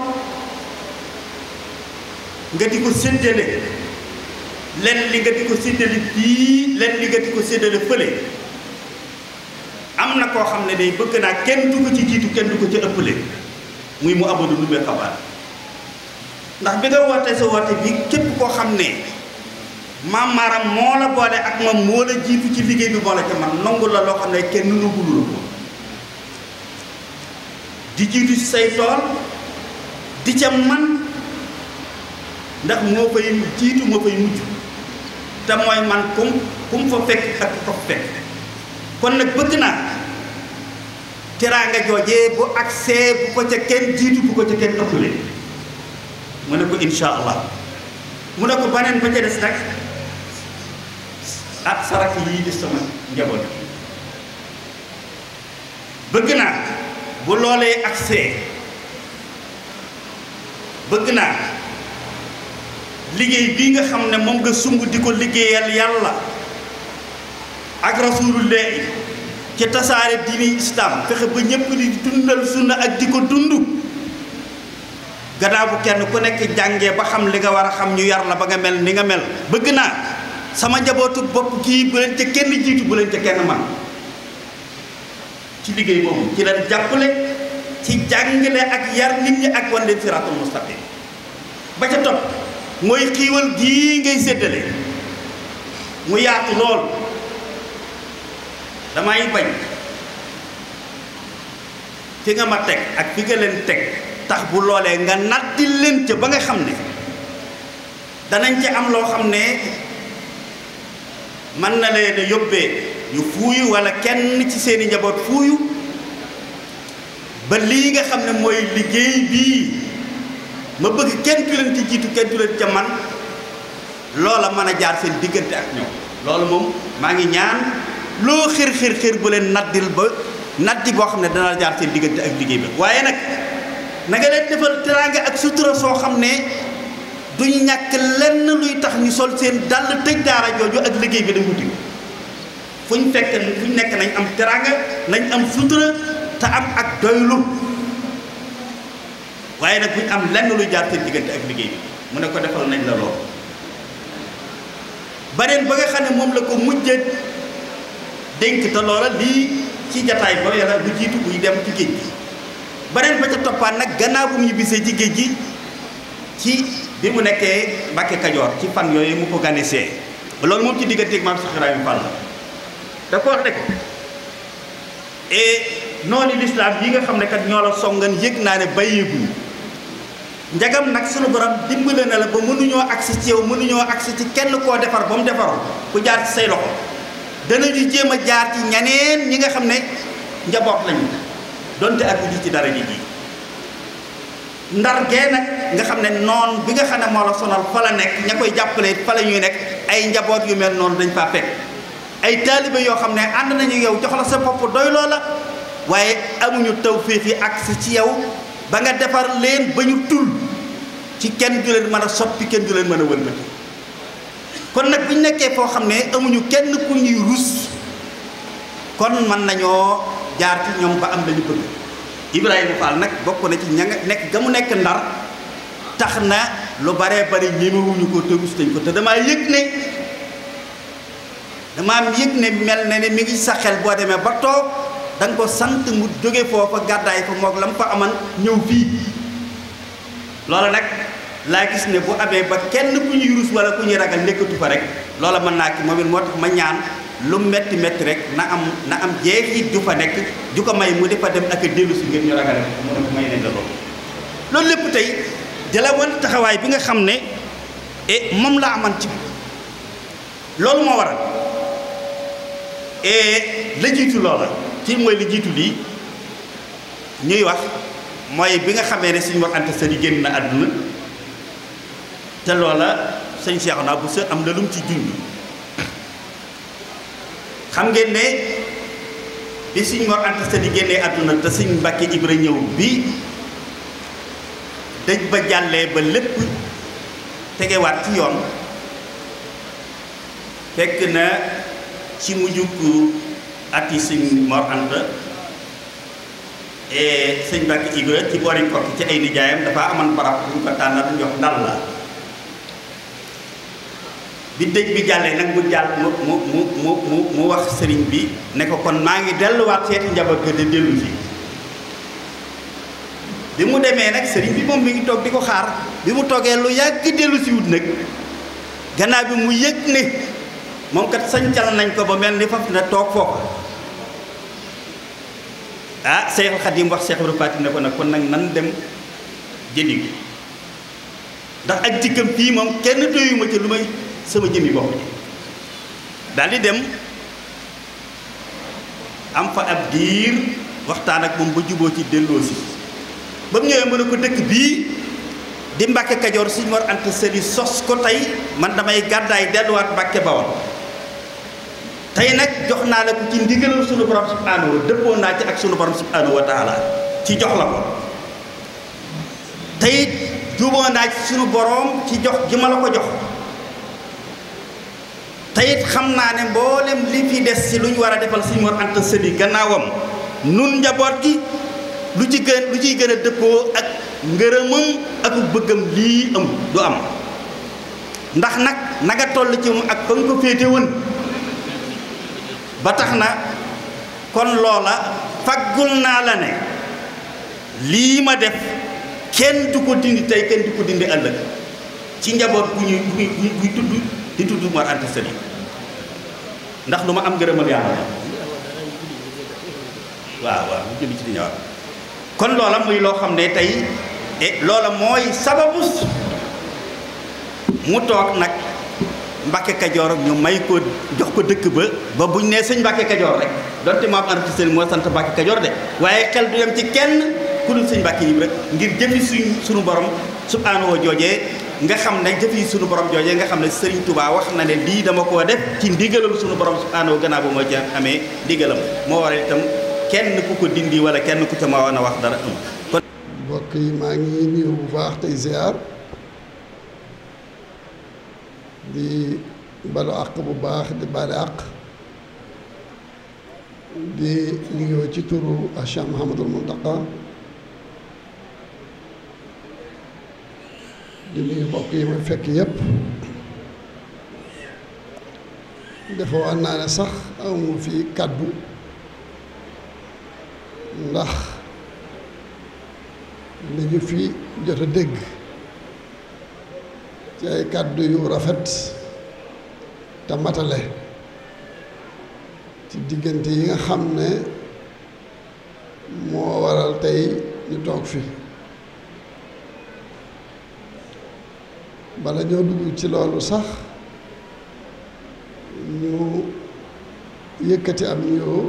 nga di ko séddale lenn li nga di ko séddale fii lenn li nga di ko séddale fële am na koo xam ne day bëgg naa kenn du ko ci jiitu kenn du ko ci ëppale muy mu abadu lu mee xabaar ndax bi nga wootee sa woote bi képp koo xam ne maam maaram moo la boole ak moom moo la jiitu ci liggéey bi moo ca man nangu la loo xam ne kenn nu gulul di jiitu ndax moo fay jiitu moo fay mujj te mooy man kum kum fa fekk ak ko fekk kon nag bëgg naa teraanga joojee bu agsee bu ko ca kenn jiitu bu ko ca kenn ëppale mu ne ko insha mu ne ko baneen ba ca des nag ak sarak yii di sama njaboot bëgg naa bu loolee agsee bëgg naa liggéey bii nga xam ne moom nga sung di ko liggéeyal yàlla ak rasuulullaahi ci tasaare diini islaam fexe ba ñépp di dundal sunna ak di ko dund gannaaw kenn ku nekk jànge ba xam li nga war a xam ñu yar la ba nga mel ni nga mel bëgg naa sama njabootu bopp kii bu leen ca kenn jiitu bu leen ca kenn man ci liggéey boobu ci leen jàppale ci jàngale ak yar nit ñi ak wan leen siraatul ba ca topp mooy xiiwal gii ngay séddale mu yaatu lool damay bañ fi nga ma teg ak fi nga leen teg tax bu loolee nga natti leen ca ba nga xam ne danañ ci am loo xam ne mën na leen a yóbbee ñu fuuyu wala kenn ci seeni njaboot fuuyu ba lii nga xam ne mooy liggéey bii ma bëgg kenn du leen ci jiitu kenn du ca man loola mën a jaar seen diggante ak ñoom loolu moom maa ngi ñaan loo xir xir xir bu leen naddil ba naddi boo xam ne dana jaar seen diggante ak liggéey bi waaye nag na nga leen defal teraanga ak sutura soo xam ne duñu ñàkk lenn luy tax ñu sol seen dàll tëj daara jooju ak liggéey bi dañ wuti fu ñu fekk fu ñu nekk nañ am teraanga nañ am sutura te am ak doylu waaye nag buñ am lenn luy jaar seen diggante ak liggéey bi mu ne ko defal nañ la lool beneen ba nga xam ne moom la ko mujjee dénk te loola lii ci jataay ba yàlla du jiitu buy dem ci géej gi beneen ba ca toppaat nag gannaaw bu mu ñibbisee ci gi ci bi mu nekkee Mbàkke Kajoor ci fan yooyu mu ko ganisee loolu moom ci digganteeg maam Cheikh Ibrahima Fall da ko wax rek et eh, noonu lislaam yi nga xam ne kat ñoo la songan yëg naa ne bàyyeeguñu njagam nag sunu borom dimbale na la ba mënuñoo agsi ci yow mënuñoo agsi ci kenn koo defar ba mu defaroon ku jaar ci say loxo danañu jéem a jaar ci ñaneen ñi nga xam ne njaboot lañu donte ak ñu ci dara ji ji ndar gee nag nga xam ne noon bi nga xam ne moo la sonal fa nekk ña koy jàppalee fa la ñuy nekk ay njaboot yu mel noonu dañ faa fekk ay taalibe yoo xam ne ànd nañu yow jox la sa bopp doy loo la waaye amuñu tawféex yi ak ci yow ba nga defar leen ba ñu tul ci kenn du leen mën a soppi kenn du leen mën a wëlbati kon nag bu nekkee foo xam ne amuñu kenn ku ñuy rus kon mën nañoo jaar ci ñoom ba am lañu bëgg Ibrahima Fall nag bokk na ci ña nekk ga mu nekk ndar tax na lu bare bari ñemewuñu ko te rus nañ ko te damaa yëg ne damaa yëg ne mel na ne mi ngi sa xel boo demee ba toog da ko sant mu jóge foofa gàddaay fa moog la mu fa aman ñëw fii loolu nag. laa gis ne bu amee ba kenn ku ñuy ruus wala ku ñuy ragal nekkatu fa rek loola mën naa ki moom it moo tax ma ñaan lu metti metti rek na am na am jeexit ju fa nekk ju ko may mu di fa dem ak a dellu si ngir ñu ragal mu ne may leen la loolu lépp tey dala wan taxawaay bi nga xam ne e moom laa aman ci loolu moo waral e la jiitu loola ci mooy li jiitu lii ñuy wax mooy bi nga xamee ne suñu wax ante sëriñ génn na àdduna te loola sëñ Cheikh naa bu sa am na ci junj xam ngeen bi sëñ Mor Anta Sali génnee àdduna te sëñ Mbàkke Ibra ñëw bi dëj ba jàllee ba lépp tegewaat ci yoon fekk na ci mujjug ati sëñ Mor Anta sëñ Mbàkke Ibra ci boori kokki ci ay nijaayam dafa amoon barab bu ñu ko tànnal jox ndal la bi dëj bi jàllee nag mu jàll mu mu mu mu mu wax sëriñ bi ne ko kon maa ngi delluwaat seeti njaboot ga de dellu si bi mu demee nag sëriñ bi moom mi ngi toog di ko xaar bi mu toogee lu yàgg dellu si wut nag gannaaw bi mu yëg ne moom kat sañcal nañ ko ba mel ni faf na toog foofu ah Seexul Xadim wax Seex Ibra ne ko nag kon nag nan dem jëndi ndax ak jikkam fii moom kenn doyuma ci lu may sama jëmmi bopp daal di dem am fa ab diir waxtaan ak moom ba juboo ci delloosi ba mu ñëwee mën a ko dëkk bii di Mbàkke Kajoor suñu war ant seli sos ko tey man damay gàddaay delluwaat Mbàkke Bawol tey nag jox naa la ko ci ndigalal sunu borom subhanahu wa naa ci ak sunu borom subhanahu wa ci jox la ko tey juboo naa ci sunu borom ci jox gi ma la ko jox te it xam naa ne mboolem li fi des ci lu ñu war a defal Sëñ Mor Anta Sali gannaawam nun njaboot gi lu ci gën lu ciy gën a dëppoo ak ngërëmam ak bëggam lii am du am ndax nag na nga toll ci moom ak fa nga ko féete woon ba tax na kon loola faggul naa la ne lii ma def kenn du ko dindi tey kenn du ko dindi ëllëg ci njaboot bu ñuy bu ñuy tudd di tudd Mor Anta Sali ndax lu ma am ngërëmal yàlla waaw waaw kon loola muy loo xam ne tey e, loola mooy sababus mu toog nag Mbàkke Kajoor ñu may ko jox ko dëkk ba ba buñ nee sëñ Mbàkke Kajoor rek donte Maam Anta Sali moo sant Mbàkke Kajoor de waaye xel du dem ci kenn ku dul sëñ Mbàkke yi rek ngir jëmi suñ suñu borom subhaanahu wa joojee nga xam ne jëf yi sunu borom joojee nga xam ne Serigne Touba wax na ne lii dama koo def ci ndigalal sunu borom subhaanahu gannaaw bu ma jàng amee ndigalam moo war waral itam kenn ku ko dindi wala kenn ku ca ma woon a wax dara am bokk mbokk yi maa ngi nuyu bu baax tey ziar di balu àq bu baax di bale àq di nuyoo ci turu Cheikh Mouhamadul Muntaqa di nuyu mbokk yi ma fekk yëpp dafa wax naa ne sax amul fii kàddu ndax li ñu fi jot a dégg ci ay kàddu yu rafet te ci diggante yi nga xam ne moo waral tey ñu toog fi bala ñoo dugg ci loolu sax ñu yëkkati am nuyoo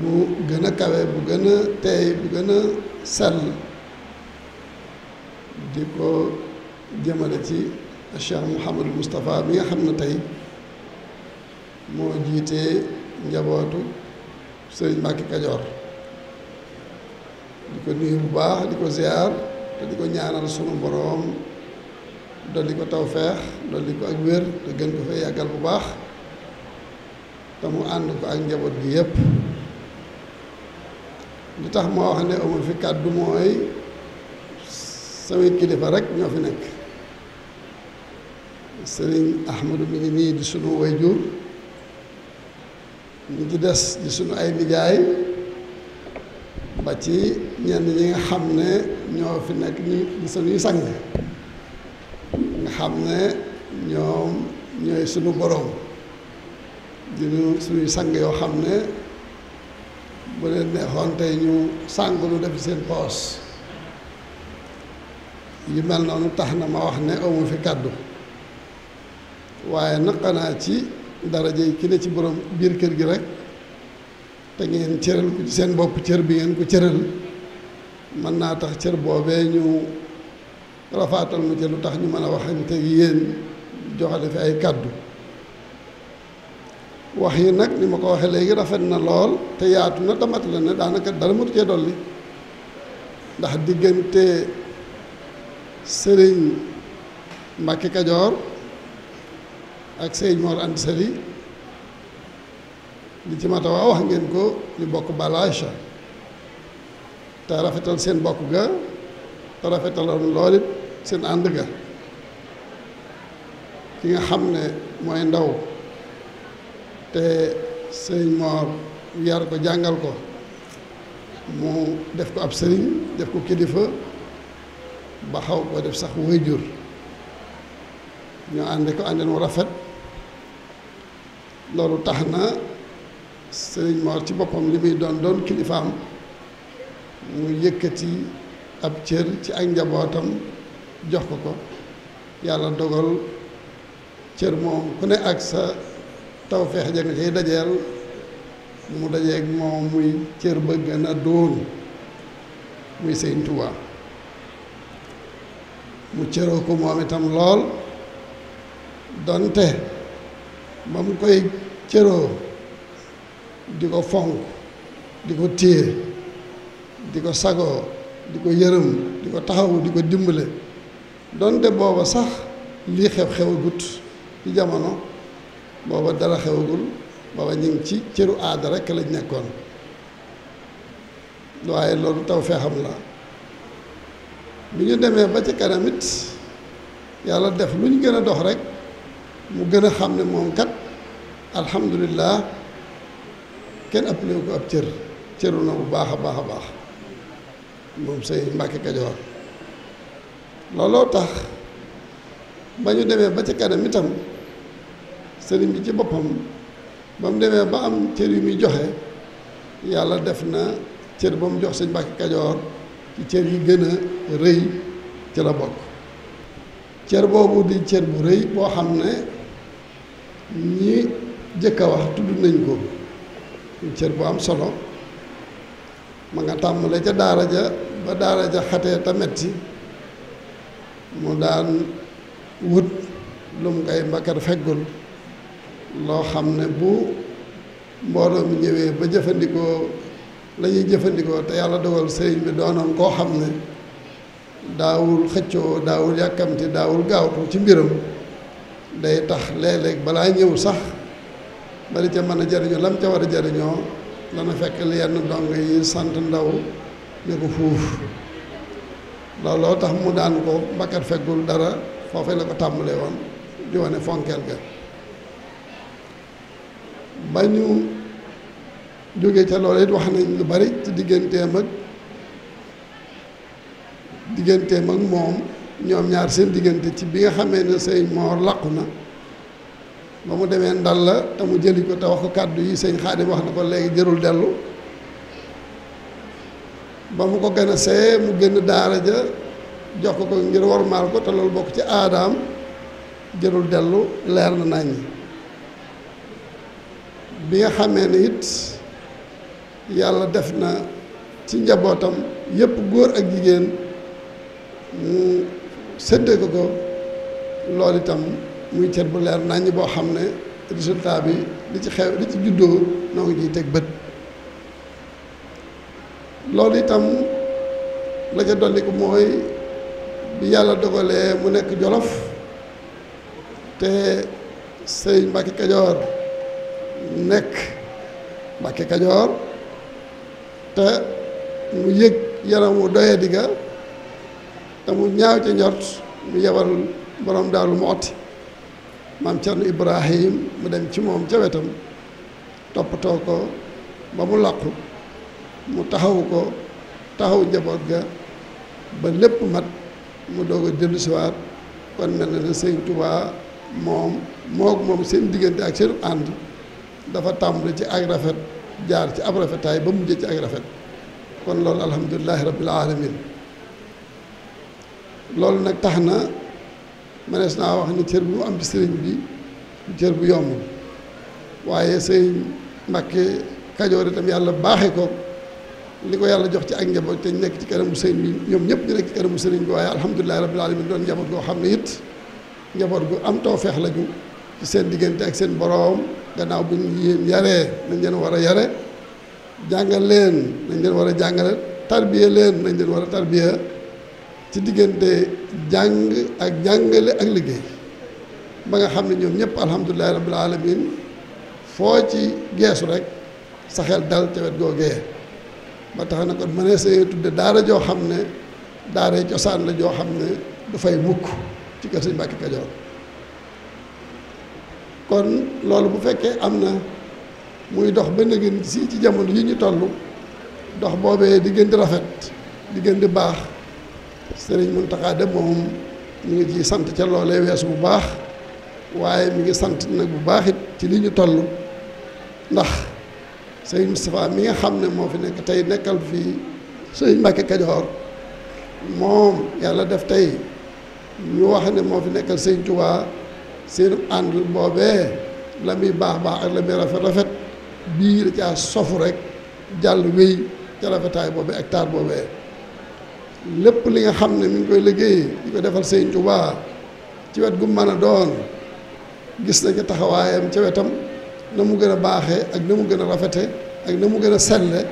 bu gën a kawe bu gën a teey bu gën a sell di ko jëmale ci Cheikh Mouhamadou Moustapha bi nga xam na tey moo jiite njabootu Sëriñ Mbàkke Kajoor di ko nuyu bu baax di ko ziar te ko ñaanal sunu boroom dolli ko tawfeex dolli ko ak wér te gën ko fee yàggal bu baax te mu ànd ko ak njaboot bi yépp li tax ma wax ne amul fi kàddu mooy samay kilifa rek ñoo fi nekk sëriñ Ahmadu mi ngi nii di sunu wayjur ñi ci des di sunu ay nijaay ba ci ñenn ñi nga xam ne ñoo fi nekk ñu di suñuy sang nga xam ne ñoom ñooy suñu boroom dinu suñuy sang yoo xam ne bu leen neexoon tey ñu sàng lu def seen poos yu mel noonu tax na ma wax ne amu fi kàddu waaye naqanaa ci daraje ki ne ci boroom biir kër gi rek te ngeen cëral ko ci seen bopp cër bi ngeen ko cëral mën naa tax cër boobee ñu rafaatal mu ci lu tax ñu mën a waxante yéen joxale fi ay kàddu wax yi nag ni ma ko waxee léegi rafet na lool te yaatu na tamat la ne daanaka dara matu cee dolli ndax diggante sëriñ Mbàkke Kajoor ak sëriñ Mor Anta li ci mata waa wax ngeen ko ñu bokk balaacha te rafetal seen bokk ga te rafetaloon lool it seen ànd ga ki nga xam ne mooy ndaw te sëñ Mor yar ko jàngal ko mu def ko ab sëriñ def ko kilifa ba xaw ko def sax waajur ñoo ànd ko àndeen mu rafet loolu tax na sëriñ Mor ci boppam li muy doon doon kilifaam mu yëkkati ab cër ci ak njabootam jox ko ko yàlla dogal cër moom ku ne ak sa tawfeex ja nga koy dajeel mu dajeeg moom muy cër ba gën a doon muy Sëñ Tuubaa mu cëroo ko moom itam lool donte ba mu koy cëroo di ko fonk di ko téye di ko sagoo di ko yërëm di ko taxawu di ko dimbale doonte booba sax lii xew xewagut ci jamono booba dara xewagul booba ñu ngi ci cëru aada rekk lañ nekkoon waaye loolu taw feexam la bi ñu demee ba ci kanam it yàlla def lu ñu gën a dox rek mu gën a xam ne moom kat alhamdulillah kenn ëppale ko ab cër cëru na bu baax a baax a baax moom sëñ Mbàkke Kajoor looloo tax ba ñu demee ba ci kanam itam sëriñ bi ci boppam ba mu demee ba am cër yu muy joxe yàlla def na cër ba mu jox sëñ Mbàkke Kajoor ci cër yi gën a rëy ci la bokk cër boobu di cër bu rëy boo xam ne ñi jëkk a wax tudd nañ ko cër bu am solo ma nga tàmbalee ca daara ja ba daara ja xatee ta metti mu daan wut lu mu koy mbakar feggul loo xam ne bu mbooloo mu ñëwee ba jëfandikoo la jëfandikoo te yàlla dogal sëriñ bi doonoon koo xam ne daawul xëccoo daawul yàkkamti daawul gaawtu ci mbiram day tax léeg-léeg balaa ñëw sax bari ca mën a jariñoo lam ca war a jariñoo dana fekk yenn dong yi sant ndaw ne ko fuuf tax mu daan ko mbakkat feggul dara foofee la ko tàmbalee woon di wane fonkeel ga ba ñu jóge ca loolu wax nañ lu bari ci digganteem ak digganteem ak moom ñoom ñaar seen diggante ci bi nga xamee ne sëñ Moor làqu na ba mu demee ndal la te mu jëli ko te wax ko kàddu yi sëñ Xaadim wax na ko léegi jërul dellu ba mu ko gën a see mu génn daara ja jox ko ko ngir wormaal ko te loolu bokk ci aadaam jërul dellu leer na nàññi bi nga xamee ne it yàlla def na ci njabootam yépp góor ak jigéen mu séddee ko ko loolu itam muy cër bu leer nàññi boo xam ne résultat bi li ci xew li ci juddoo noo ngi teg bët loolu itam la ca dolliku mooy bi yàlla dogalee mu nekk jolof te sëriñ Mbàkke Kajoor nekk Mbàkke Kajoor te mu yëg yaramu doye digga te mu ñaaw ca njort mu yebal borom daaru mooti maam Cerno Ibrahim mu dem ci moom ca toppatoo ko ba mu làqu mu taxaw ko taxaw njaboot ga ba lépp mat mu doog a dellu siwaat kon mel na ne sëñ Tuubaa moom moog moom seen diggante ak seen ànd dafa tàmbali ci ak rafet jaar ci ab rafetaay ba mujj ci ak rafet kon loolu alhamdulilahi rabbil alamin loolu nag tax na mënees naa wax ni cër bi mu am ci sëriñ bi du cër bu yomb waaye sëriñ Mbàkke Kajoor itam yàlla baaxe ko li ko yàlla jox ci ak njaboot te nekk ci kanamu sëriñ bi ñoom ñëpp ñu nekk ci kanamu sëriñ bi waaye alhamdulilahi rabbil alamin doon njaboot goo xam ne it njaboot gu am feex la ju ci seen diggante ak seen boroom gannaaw bu ñu yéen yaree nañ leen war a yare jàngal leen nañ war a jàngale tarbiye leen nañ leen war a tarbiye ci diggante jàng ak jàngale ak liggéey ba nga xam ne ñoom ñëpp alhamdulilahi rabbil alamin foo ci geesu rek sa xel dal ca wet googee ba tax na kon mënees na tudd daara joo xam ne daara cosaan la joo xam ne du fay mukk ci kër sëñ Mbàkke Kajoor kon loolu bu fekkee am na muy dox ba nëgën si ci jamono yi ñu toll dox boobee di gën di rafet di gën di baax sëriñ Muntaxa de moom mi ngi ciy sant ca loolee weesu bu baax waaye mu ngi sant nag bu baax ci li ñu toll ndax sëriñ Moustapha mi nga xam ne moo fi nekk tey nekkal fii sëriñ Mbacke Kajoor moom yàlla def tey ñu wax ne moo fi nekkal sëriñ Touba seen ànd boobee la muy baax baax ak la muy rafet rafet bii da caa sofu rek jàll wéy ca rafetaay boobee ak taar boobee lépp li nga xam ne mu ngi koy liggéey di ko defal sëriñ Touba ci wet gu mën a doon gis nañ taxawaayam ca wetam. na mu gën a baaxee ak na mu gën a rafete ak na mu gën a selle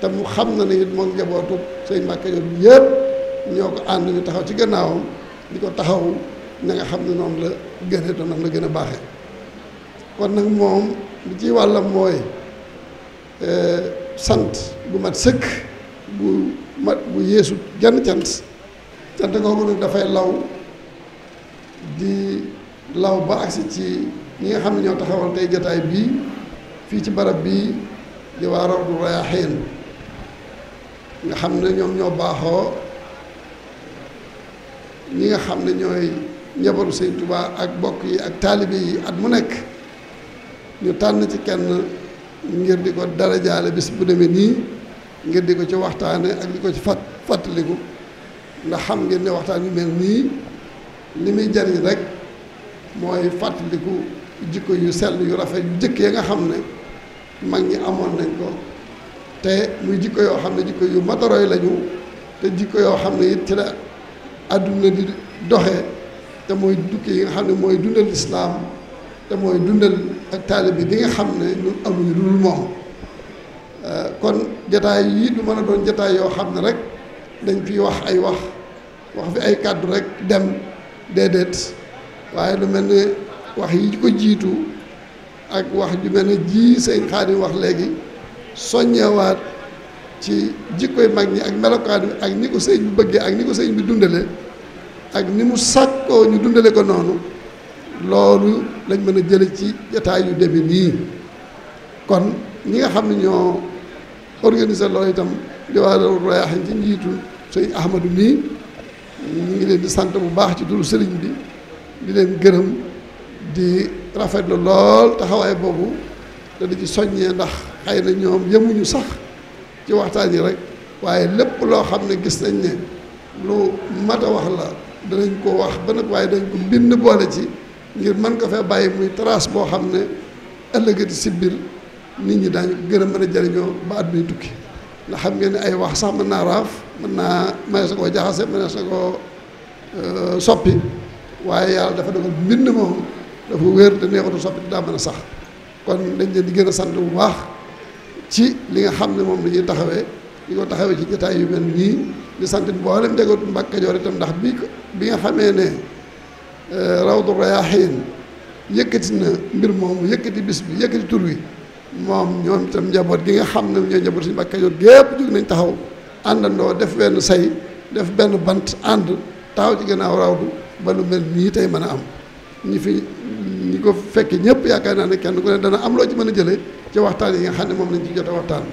te mu xam na ne moom njabootu sëñ Mbàkke Kajoor yëpp ñoo ko ànd ñu taxaw ci gannaawam di ko taxaw na nga xam ne noonu la gënee te la gën a baaxee kon nag moom li ci wàllam mooy e, sant bu mat sëkk bu mat bu yeesu genn cant cant googu nag dafay law di law ba agsi ci ñi nga xam ne ñoo taxawal tey jataay bii fii ci barab bii di waa Rawdu Rayaahiin nga xam ne ñoom ñoo baaxoo ñi nga xam ne ñooy njabaru Sëñ Tuubaa ak bokk yi ak taalibe yi at mu nekk ñu tànn ci kenn ngir di ko darajaale bis bu demee nii ngir di ko ci waxtaane ak di ko ci fat fàttaliku ndax xam ngeen ne waxtaan yu mel nii li muy jariñ rek mooy fàttaliku jikko yu sell yu rafet yu jëkk ya nga xam ne mag ñi amoon nañ ko te muy jikko yoo xam ne jikko yu mataroy lañu te jikko yoo xam ne it ci la àdduna di doxee te mooy dukki yi nga xam ne mooy dundal islaam te mooy dundal ak taalibe di nga xam ne ñun amuñu lu dul moom euh, kon jataay yi du mën a doon jataay yoo xam ne rek dañ fi wax ay wax wax fi ay kàddu rek dem déedéet waaye lu mel ne wax yi ko jiitu ak wax ju mel ne ji sëñ Xaadim wax léegi soññewaat ci jikkoy mag ñi ak melokaan bi ak ni ko sëñ bi bëggee ak ni ko sëñ bi dundale ak ni mu sàkkoo ñu dundale ko noonu loolu lañ mën a jële ci jataay yu deme nii kon ñi nga xam ne ñoo organiser loolu itam di waa royaaxin ci njiitu sëñ Ahmadou nii ñu ngi leen di sant bu baax ci turu sëriñ bi di leen gërëm di rafetlu lool taxawaay boobu te di ci soññee ndax xëy na ñoom yemuñu sax ci waxtaan yi rek waaye lépp loo xam ne gis nañ ne lu mat a wax la danañ ko wax ba nag waaye dañ ko mbind boole ci ngir mën nga fee bàyyi muy trace boo xam ne ëllëgati si biir nit ñi daañu gën a mën a jëriñoo ba at mi tukki ndax xam ngeen ne ay wax sax mën naa raaf mën naa mënees na koo jaxase mënees na koo euh, soppi waaye yàlla dafa dogal mbind moom dafa wér te neexatu soppi daa mën a sax kon dañ leen di gën a sant bu baax ci li nga xam ne moom la ñuy taxawee di ko taxawee ci jotaay yu mel nii di sant mboolem njabootu Mbàkke Kajoor itam ndax bi bi nga ne euh, Rawdu Rayaahiin na mbir moomu yëkkati bis bi yëkkati tur wi moom ñoom itam njaboot gi nga xam ne ñooy njaboot suñu Mbàkke Kajoor gépp jóg nañ taxaw àndandoo def benn say def benn bant ànd taxaw ci gannaaw rawdu ba lu mel nii tey mën a am ñi fi ñi ko fekke ñëpp yaakaar naa ne kenn ku ne dana am loo ci mën a jëlee ci waxtaan yi nga xam ne moom lañ ci jote a waxtaan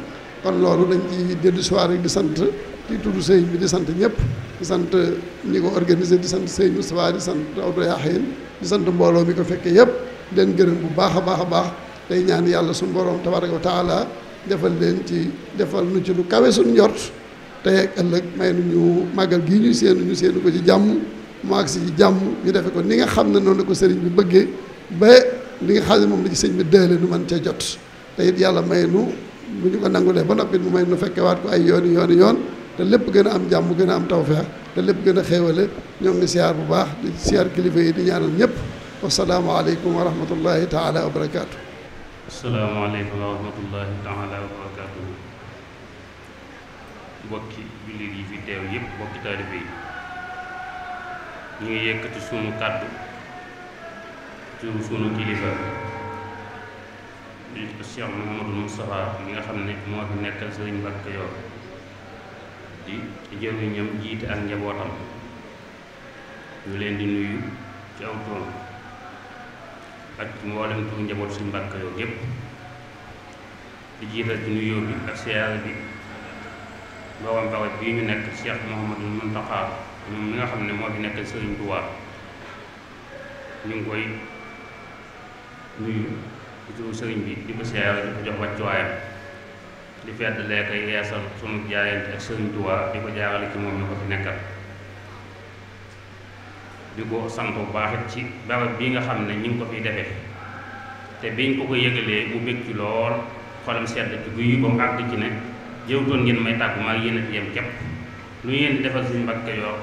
kon loolu dañ ci dellu soir rek di sant di tudd sëñ bi di sant ñëpp di sant ni ko organisé di sant sëñ Moustapha di sant Awdo Yaxin di sant mbooloo mi ko fekkee yëpp di gërëm bu baax a baax a baax tey ñaan yàlla suñu borom tabaraka wa taala defal leen ci defal nu ci lu kawe suñu njort tey ak ëllëg may nu ñu màggal gii ñu séenu ñu séenu ko ci jàmm mu agsi ci jàmm ñu defe ko ni nga xam ne noonu la ko sëriñ bi bëggee ba li nga xam moom li ci sëñ bi dëële nu man ca jot te it yàlla may nu bu ñu ko nangulee ba noppi mu may nu fekke waat ko ay yooni yooni yoon te lépp gën a am jàmm gën a am tawfeex te lépp gën a xéewale ñoo ngi siyaar bu baax di siyaar kilifa yi di ñaanal ñëpp wasalaamu aleykum wa rahmatullahi taala wa barakaatu asalaamu aleykum wa rahmatullahi taala wa barakaatu mbokki jullit yi fi teew yëpp mbokki taalibe yi ñu ngi yëkkati kàddu suñu suñu kilifa di ko Cheikh mi nga xam ne moo fi nekkal Sëriñ Mbàkke Kajoor di leen di nuyu ci aw tool ak mboolem tu njaboot Sëriñ Mbàkke Kajoor nekk Cheikh Mouhamadou Mountakha ñu ngi koy nuyu ci sëriñ bi di ko siyaare di ko jox wàccuwaayam di fedd lee yeesal sunu jaayante ak sëriñ Tuubaa di ko jaarale ci moom ñu ko fi nekkal di ko sant bu baax ci barab bi nga xam ne ñi ngi ko fiy defe te biñ ko ko yëgalee mu bég ci lool xolam sedd ci guy ba mu ci ne jëwtoon ngeen may tàggu maa yéen a yem képp lu ngeen defal suñu Mbàkke Kajoor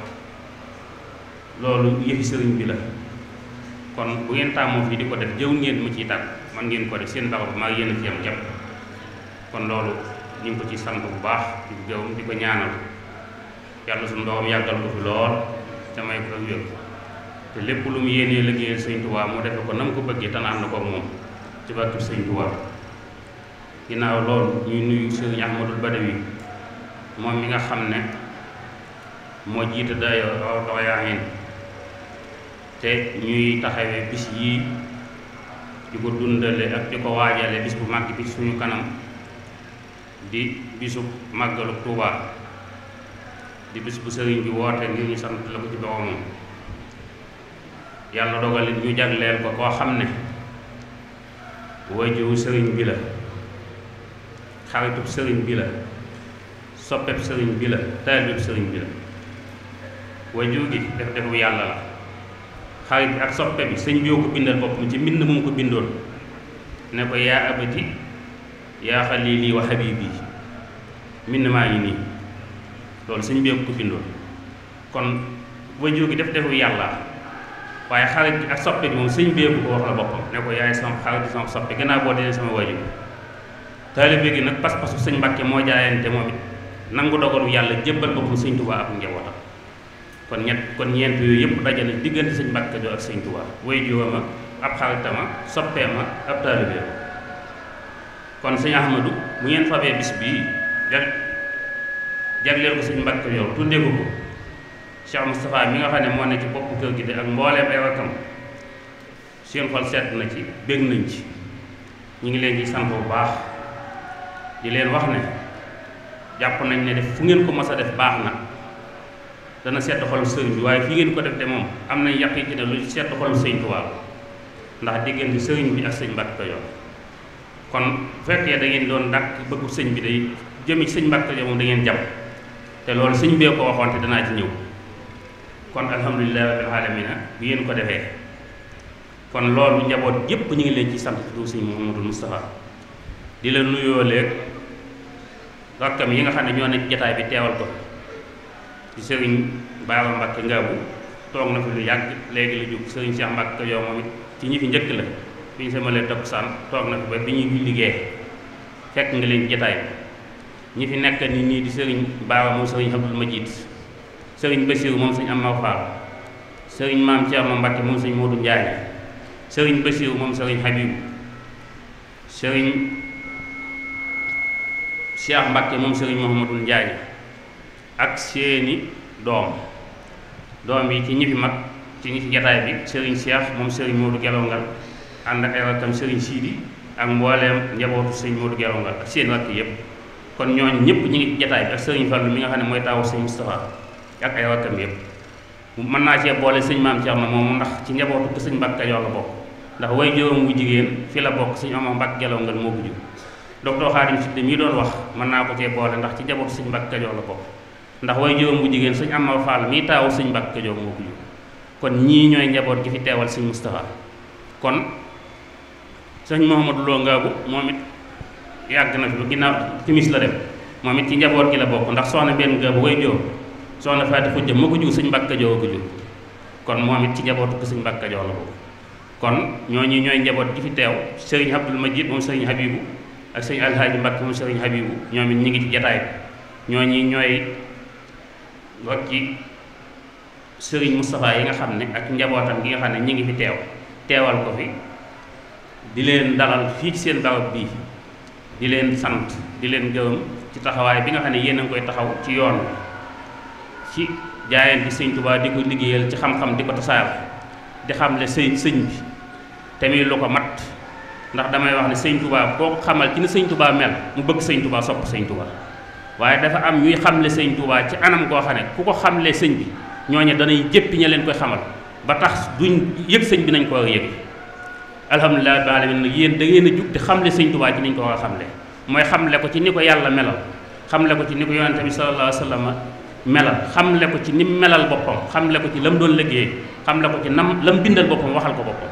loolu yëfi sëriñ bi la kon bu ngeen taamoo fii di ko def jëw ngeen mu ciy tàgg man ngeen ko def seen baax maa yéen a ci am kon loolu ñu ngi ko ci sant bu baax di di ko ñaanal yàlla suñu doom yàggal ko fi lool te ko wér te lépp lu mu yéenee liggéeyal sëñ Tuubaa mu defe ko na ko bëggee te na ko moom ci sëñ Tuubaa ginnaaw loolu ñuy nuyu sëñ Ahmadul Badawi moom mi nga xam ne moo jiite dayo dawayaa te ñuy taxawee bis yii di ko dundale ak di ko waajale bis bu mag bi suñu kanam di bisu màggalu Tuuba di bis bu sëriñ bi woote ngir ñu sant la ko ci boromam yàlla dogal ñu jagleel ko koo xam ne wajuru sëriñ bi la xaritub sëriñ bi la soppeb sëriñ bi la taalib sëriñ bi la wajur gi def defu yàlla la xarit bi ak soppe bi sëñ bi ko bindal boppam ci mbind mu ko bindoon ne ko yaa abati yaa xalili wa habibi mbind maa ngi nii loolu sëñ bi yoo ko bindoon kon wajur gi def defu yàlla waaye xarit bi ak soppe bi moom sëñ bi yoo ko wax la boppam ne ko yaay sama xarit bi sama soppe gannaaw boo dee sama wajur taalibe gi nag pas-pasu sëñ Mbàkke moo jaayante moom it nangu dogalu yàlla jébbal boppam sëñ Tuubaa ak njabootam kon ñett kon ñeent yooyu yëpp daje na diggante sëñ Mbàkke Kajoor ak sëñ Tuubaa way juwama ab xaritama soppeema ab taalibeem kon sëñ Ahmadou mu ngeen fabee bis bii jag jagleel ko sëñ Mbàkke Kajoor ko ko Cheikh Moustapha mi nga xam ne moo ne ci bopp kër gi de ak mbooleem ay wakkam seen xol seet na ci bég nañ ci ñu ngi leen di sant bu baax di leen wax ne jàpp nañ ne def fu ngeen ko mos a def baax na dana seet xolu sëriñ bi waaye fii ngeen ko def de moom am na nañ yàq ci ne lu sedd xolu sëriñ Tuubaa ndax diggante sëriñ bi ak sëñ Mbàkke Kajoor kon bu fekkee da ngeen doon dàq bëggu sëñ bi day jëmi sëñ Mbàkke Kajoor moom da ngeen jàpp te loolu sëñ bee ko waxoon te danaa ci ñëw kon alhamdulilah rabbil alamina bi ngeen ko defee kon loolu njaboot yépp ñu ngi leen ci sant ci sëñ Mouhamadou Moustapha di la nuyoo léeg rakkam yi nga xam ne ñoo ne jataay bi teewal ko ci sëriñ Baaba Mbàkke Ngaabu toog na fi lu yàgg léegi lu jóg sëriñ Cheikh Mbàkke yow moom it ci ñi fi njëkk la fi ñu sama leen topp saan toog na fi ba bi ñuy liggéey fekk nga leen jataay ñi fi nekk ni nii di sëriñ Baaba moom sëriñ Abdul sëriñ Basiiru moom sëriñ Amaw Faal sëriñ Maam Cerno Mbàkke moom sëriñ Moodu moom sëriñ Habib sëriñ Cheikh Mbàkke moom sëriñ Muhammadul Njaay ak seeni doom doom yi ci ñibbi mag ci ñi fi jataay bi sëriñ Cheikh moom sëriñ Modou gelaw Ngal ànd ak ay rakkam sëriñ Sidi ak mbooleem njabootu sëriñ Modou Gelo Ngal ak seen rakk yëpp kon ñooñu ñëpp ñi ngi ci jataay bi ak sëriñ Fallou mi nga xam ne mooy taawu sëriñ ak ay rakkam yëpp mën naa cee boole sëñ maam Thierno moomu ndax ci njabootu ko sëñ Mbàkke Kajoor la bokk ndax way juróom wu jigéen fii la bokk sëñ Omar Mbàkke Gelo Ngal moo ko jur docteur Xaadim Siddi mi doon wax mën naa ko cee boole ndax ci njabootu sëñ Mbàkke Kajoor la ndax way juróom bu jigéen suñ Amar Fall taawu suñ Mbàkke Kajoor moo kon ñii ñooy njaboot gi fi teewal suñ Moustapha kon sëñ Mouhamadou Lo Ngaabu moom it yàgg na fi ba ginnaaw timis la dem moom it ci njaboot gi la bokk ndax soxna benn Ngaabu way soxna Faati ko jur suñ Mbàkke kon moom it ci njabootu ko suñ Mbàkke Kajoor la kon ñooñu ñooy njaboot gi fi teew sëriñ Abdul Majid moom sëriñ Habibu ak sëriñ Alhaaji Mbàkke moom sëriñ Habibu ñoom it ñu ngi ci jataay ñooñu ñooy lool ci sëriñ Moustapha yi nga xam ne ak njabootam gi nga xam ne ñu ngi fi teew teewal ko fi di leen dalal fii ci seen barab bii di leen sant di leen gërëm ci taxawaay bi nga xam ne yéen a ngi koy taxaw ci yoon ci jaayeen bi sëñ Tuubaa di ko liggéeyal ci xam-xam di ko tasaare di xam xamle sëñ sëñ bi tamit lu ko mat ndax damay wax ne sëñ Tuubaa koo xamal ci ne sëñ Tuubaa mel mu bëgg sëñ Tuubaa sopp sëñ Tuubaa waaye dafa am ñuy xamle sëñ Tuubaa ci anam goo xam ne ku ko xamle sëñ bi ñoo ñooñu danay jéppi ña leen koy xamal ba tax duñ yëg sëñ bi nañ ko yëg alhamdulilah rabbil alamin nag yéen da ngeen a jug te xamle sëñ Tuubaa ci niñ ko war xamle mooy xamle ko ci ni ko yàlla melal xamle ko ci ni ko yonente bi sallallahu alayhi wa sallam melal ko ci ni melal boppam xamle ko ci lam doon liggéey xamle ko ci nam mu bindal boppam waxal ko boppam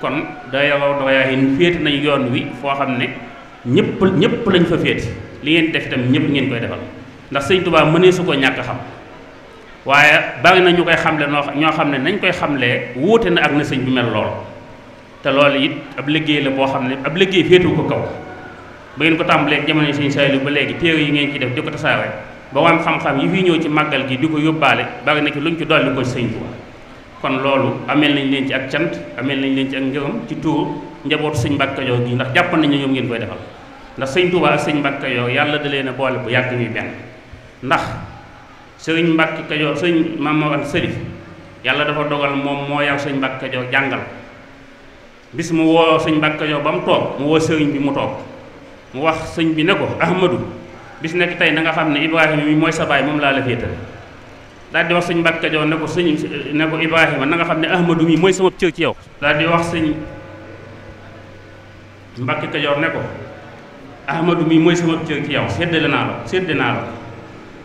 kon dayo doyaay féete nañ yoon wi foo xam ne ñëpp ñëpp lañ fa féete li ngeen def itam ñëpp ngeen koy defal ndax sëñ Tuubaa mënee su ko ñàkk xam waaye bari na ñu koy xamle noo ñoo xam ne nañ koy xamle wuute na ak na sëñ bi mel lool te loolu it ab liggéey la boo xam ne ab liggéey féetu ko kaw ba ngeen ko tàmbalee jamano sëñ Saaliw ba léegi téere yi ngeen ci def di ko tasaare ba wam xam-xam yi fi ñëw ci màggal gi di ko yóbbaale bari na ci ñu ci dolli ko sëñ Tuubaa kon loolu ameel nañ leen ci ak cant ameel nañ leen ci ngërëm ci tuur njabootu sëñ Mbàkke Kajoor gi ndax jàpp nañ ne ngeen koy defal ndax sëñ Tuubaa ak sëñ Mbàkke Kajoor yàlla da leen a boole bu yàgg ñuy benn ndax sëriñ Mbàkke Kajoor sëñ Maam Mor yàlla dafa dogal moom moo yar sëñ Mbàkke Kajoor jàngal bis mu woo sëñ Mbàkke Kajoor ba mu toog mu woo sëriñ bi mu toog mu wax sëñ bi ne ko Ahmadu bis nekk tey na nga xam ne Ibrahima mi mooy sa baay moom laa la féetale daal di wax sëñ Mbàkke Kajoor ne ko sëñ ne ko Ibrahima na nga xam ne Ahmadu mi mooy sama cër ci yow daal di wax sëñ Mbàkke Kajoor ne ko ahmadu mi mooy sama cër ci yow séddale naa la sédde naa la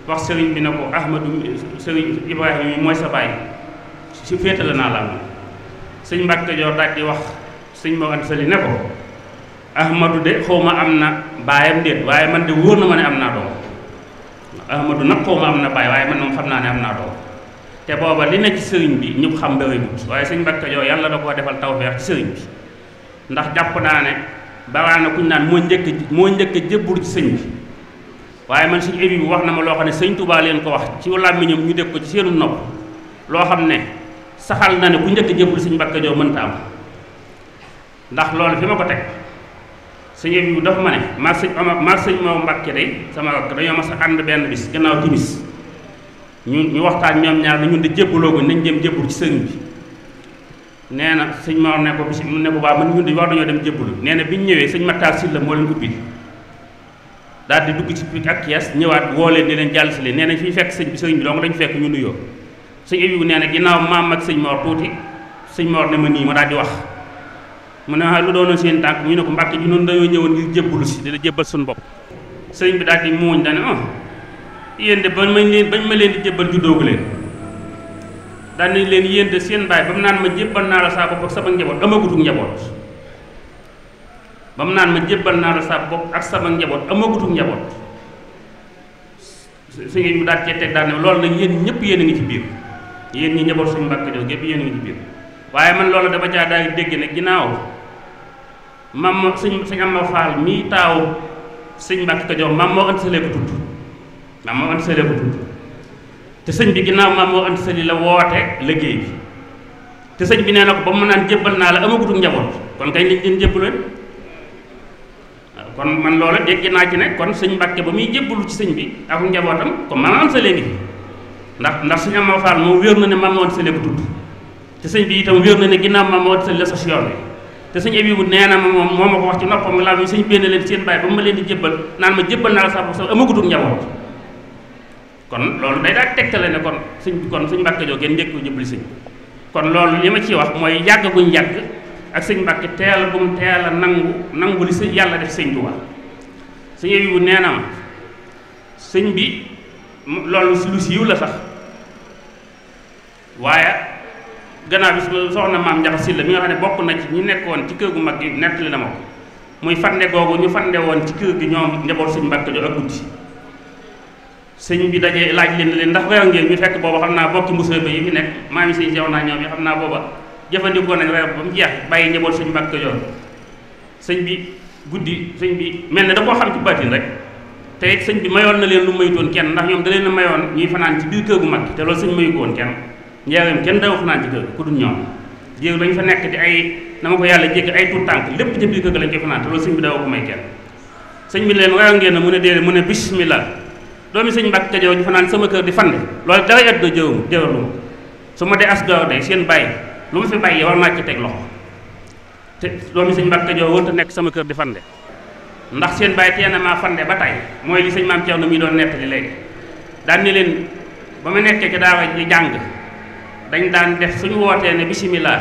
wax sëriñ bi ne ko ahmadu sëriñ ibrahima mi mooy sa bàyyi si féetale naa la moom sëñ mbàkke joor daal di wax sëñ moo ant sali ne ko ahmadu de xaw ma am na baayam déet waaye man de wóor na ma ne am naa doom ahmadu nag xaw ma am na baay waaye man moom xam naa ne am naa doom te booba li ne ci sëriñ bi ñëpp xam bëriwut waaye sëñ mbàkke joor yàlla da koo defal tawfeex ci sëriñ bawaa na kuñ naan moo njëkk moo njëkk a ci sëñ bi waaye man si ébi bi wax na ma loo xam ne sëñ Touba leen ko wax ci làmmiñam ñu dégg ko ci seenu nopp loo xam ne saxal na ne ku njëkk a jébbul sëñ Mbàkke Kajoor mënta am ndax loolu fi ma ko teg sëñ ébi bi dafa ma ne maa sëñ Omar maa mbakk Maodo Mbàkke day sama rakk dañoo mas a ànd benn bi gannaaw timis ñu ñu waxtaan ñoom ñaar ne ñun de jébbaloo ko nañ dem jébbul ci sëñ bi nee na sëñ Mor ne ko bis mu ne ko waaw man ñun dañu war dañoo dem jébbalu nee na bi ñu ñëwee sëñ Matar Sylla moo leen ubbi daal di dugg ci pic ak kees ñëwaat woo leen di leen jàll si leen nee na fi fekk sëñ bi sëñ bi donc dañu fekk ñu nuyoo sëñ Abibu nee na ginnaaw maam ak sëñ Mor tuuti sëñ Mor ne ma nii ma daal di wax mu ne ah lu doon seen tànk ñu ne ko mbàkk ji noonu dañoo ñëwoon ngir jébbalu si dina jébbal suñu bopp sëñ bi daal di muuñ daal ne ah yéen ma leen bañ ma di jébbal juddoogu daan nañ leen yéen de seen baay ba mu naan ma jébbal naa la saa bopp ak sama njaboot amagutu njaboot ba mu naan ma jébbal naa la saa bopp ak sama njaboot amagutu njaboot su ngeen mu daal cee teg daal ne loolu nag yéen ñëpp yéen a ngi ci biir yéen ñi njaboot suñu mbàkk jox gépp yéen a ngi ci waaye man loolu dama caa daal dégg ne ginnaaw mam suñ suñ am ma faal mii taaw suñ mbàkk jox mam moo ënt salee ko tudd mam moo ënt salee ko tudd te sëñ bi ginnaaw maam moo ant sëli la woote liggéey bi te sëñ bi nee na ko ba mu naan jébbal naa la amagutu njaboot kon kay lañ leen jébbalu waaw kon man loola dégg naa ci ne kon sëñ Mbàkke ba muy jébbalu ci sëñ bi ak njabootam comme maam am sëlee ndax ndax suñu amoo faal moom ne maam moo bi itam wér na ne ginnaaw maam moo ant sëli la sos yoon bi te sëñ moom moo ma ko wax ci leen seen bàyyi ba leen di jébbal naan ma jébbal naa la sax ba sa amagutu njaboot kon loolu day daal tegtale ne kon bi kon suñ mbàkke joo kenn njëkku jubli sëñ kon loolu li ma ciy wax mooy yàgg guñ yàgg ak sëñ mbàkke teel bu mu teel a nangu nangu li yàlla def sëñ Tuubaa sëñ Abibu nee na ma sëñ bi loolu lu siiw la waaye gannaaw bi soxna maam njaxa silla mi nga xam ne bokk na ci ñi nekkoon ci kër gu mag gi nettali na ma ko muy fande googu ñu fande woon ci kër gi ñoo njaboot sëñ mbàkke joo ak guddi sëñ bi daje laaj leen leen ndax reer ngeen ñu fekk booba xam naa bokki musiba yi fi nekk maa ngi sëñ sew naa ñoom yi xam naa booba jëfandikoo nañ reer ba mu jeex bàyyi njaboot suñu mbàkk yoon sëñ bi guddi sëñ bi mel ne da koo xam ci baatin te sëñ bi mayoon na leen lu maytoon kenn ndax ñoom da leen mayoon ñuy fanaan ci biir kër gu mag te loolu sëñ mayu ko woon kenn njeereem kenn dawa fanaan ci kër ku dul ñoom jéeg lañu fa nekk di ay na ma ko yàlla jégg ay tuut tànk lépp ci biir kër lañ koy fanaan may kenn sëñ bi leen reer ngeen mu ne déedéet mu doomi sëñ Mbàkke Kajoor ñu fanaan sama kër di fande loolu dara adduna jëwum jëwalu ma su ma dee as door seen bàyyi lu ma fi bàyyi war naa ci teg loxo te doomi sëñ Mbàkke Kajoor wërta nekk sama kër di fande ndax seen bàyyi tee na maa fande ba tey mooy li sëñ maam Ceerno mi doon nettali léegi daan ni leen ba ma nekkee ci daawa di jàng dañ daan def suñu wootee ne bisimilah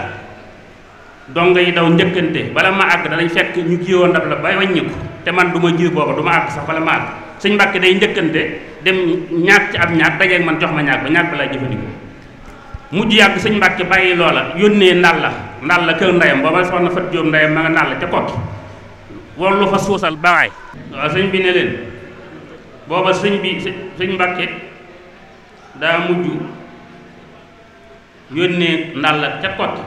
dongo yi daw njëkkante bala ma àgg danañ fekk ñu jiwoon ndab la ba wàññi ko te man du ma jiw booba du ma àgg sax sëñ Mbàkke day njëkkante dem ñaat ci ab ñaat dajeeg man jox ma ñaat ba ñaat ba laay jëfandikoo mujj yàgg sëñ Mbàkke bàyyi loola yónnee ndàll la ndàll la kër ndeyam booba soxna Fat Jóob la ca suusal bawaay sëñ bi ne sëñ bi sëñ Mbàkke daa mujj yónnee ndàll la ca kokki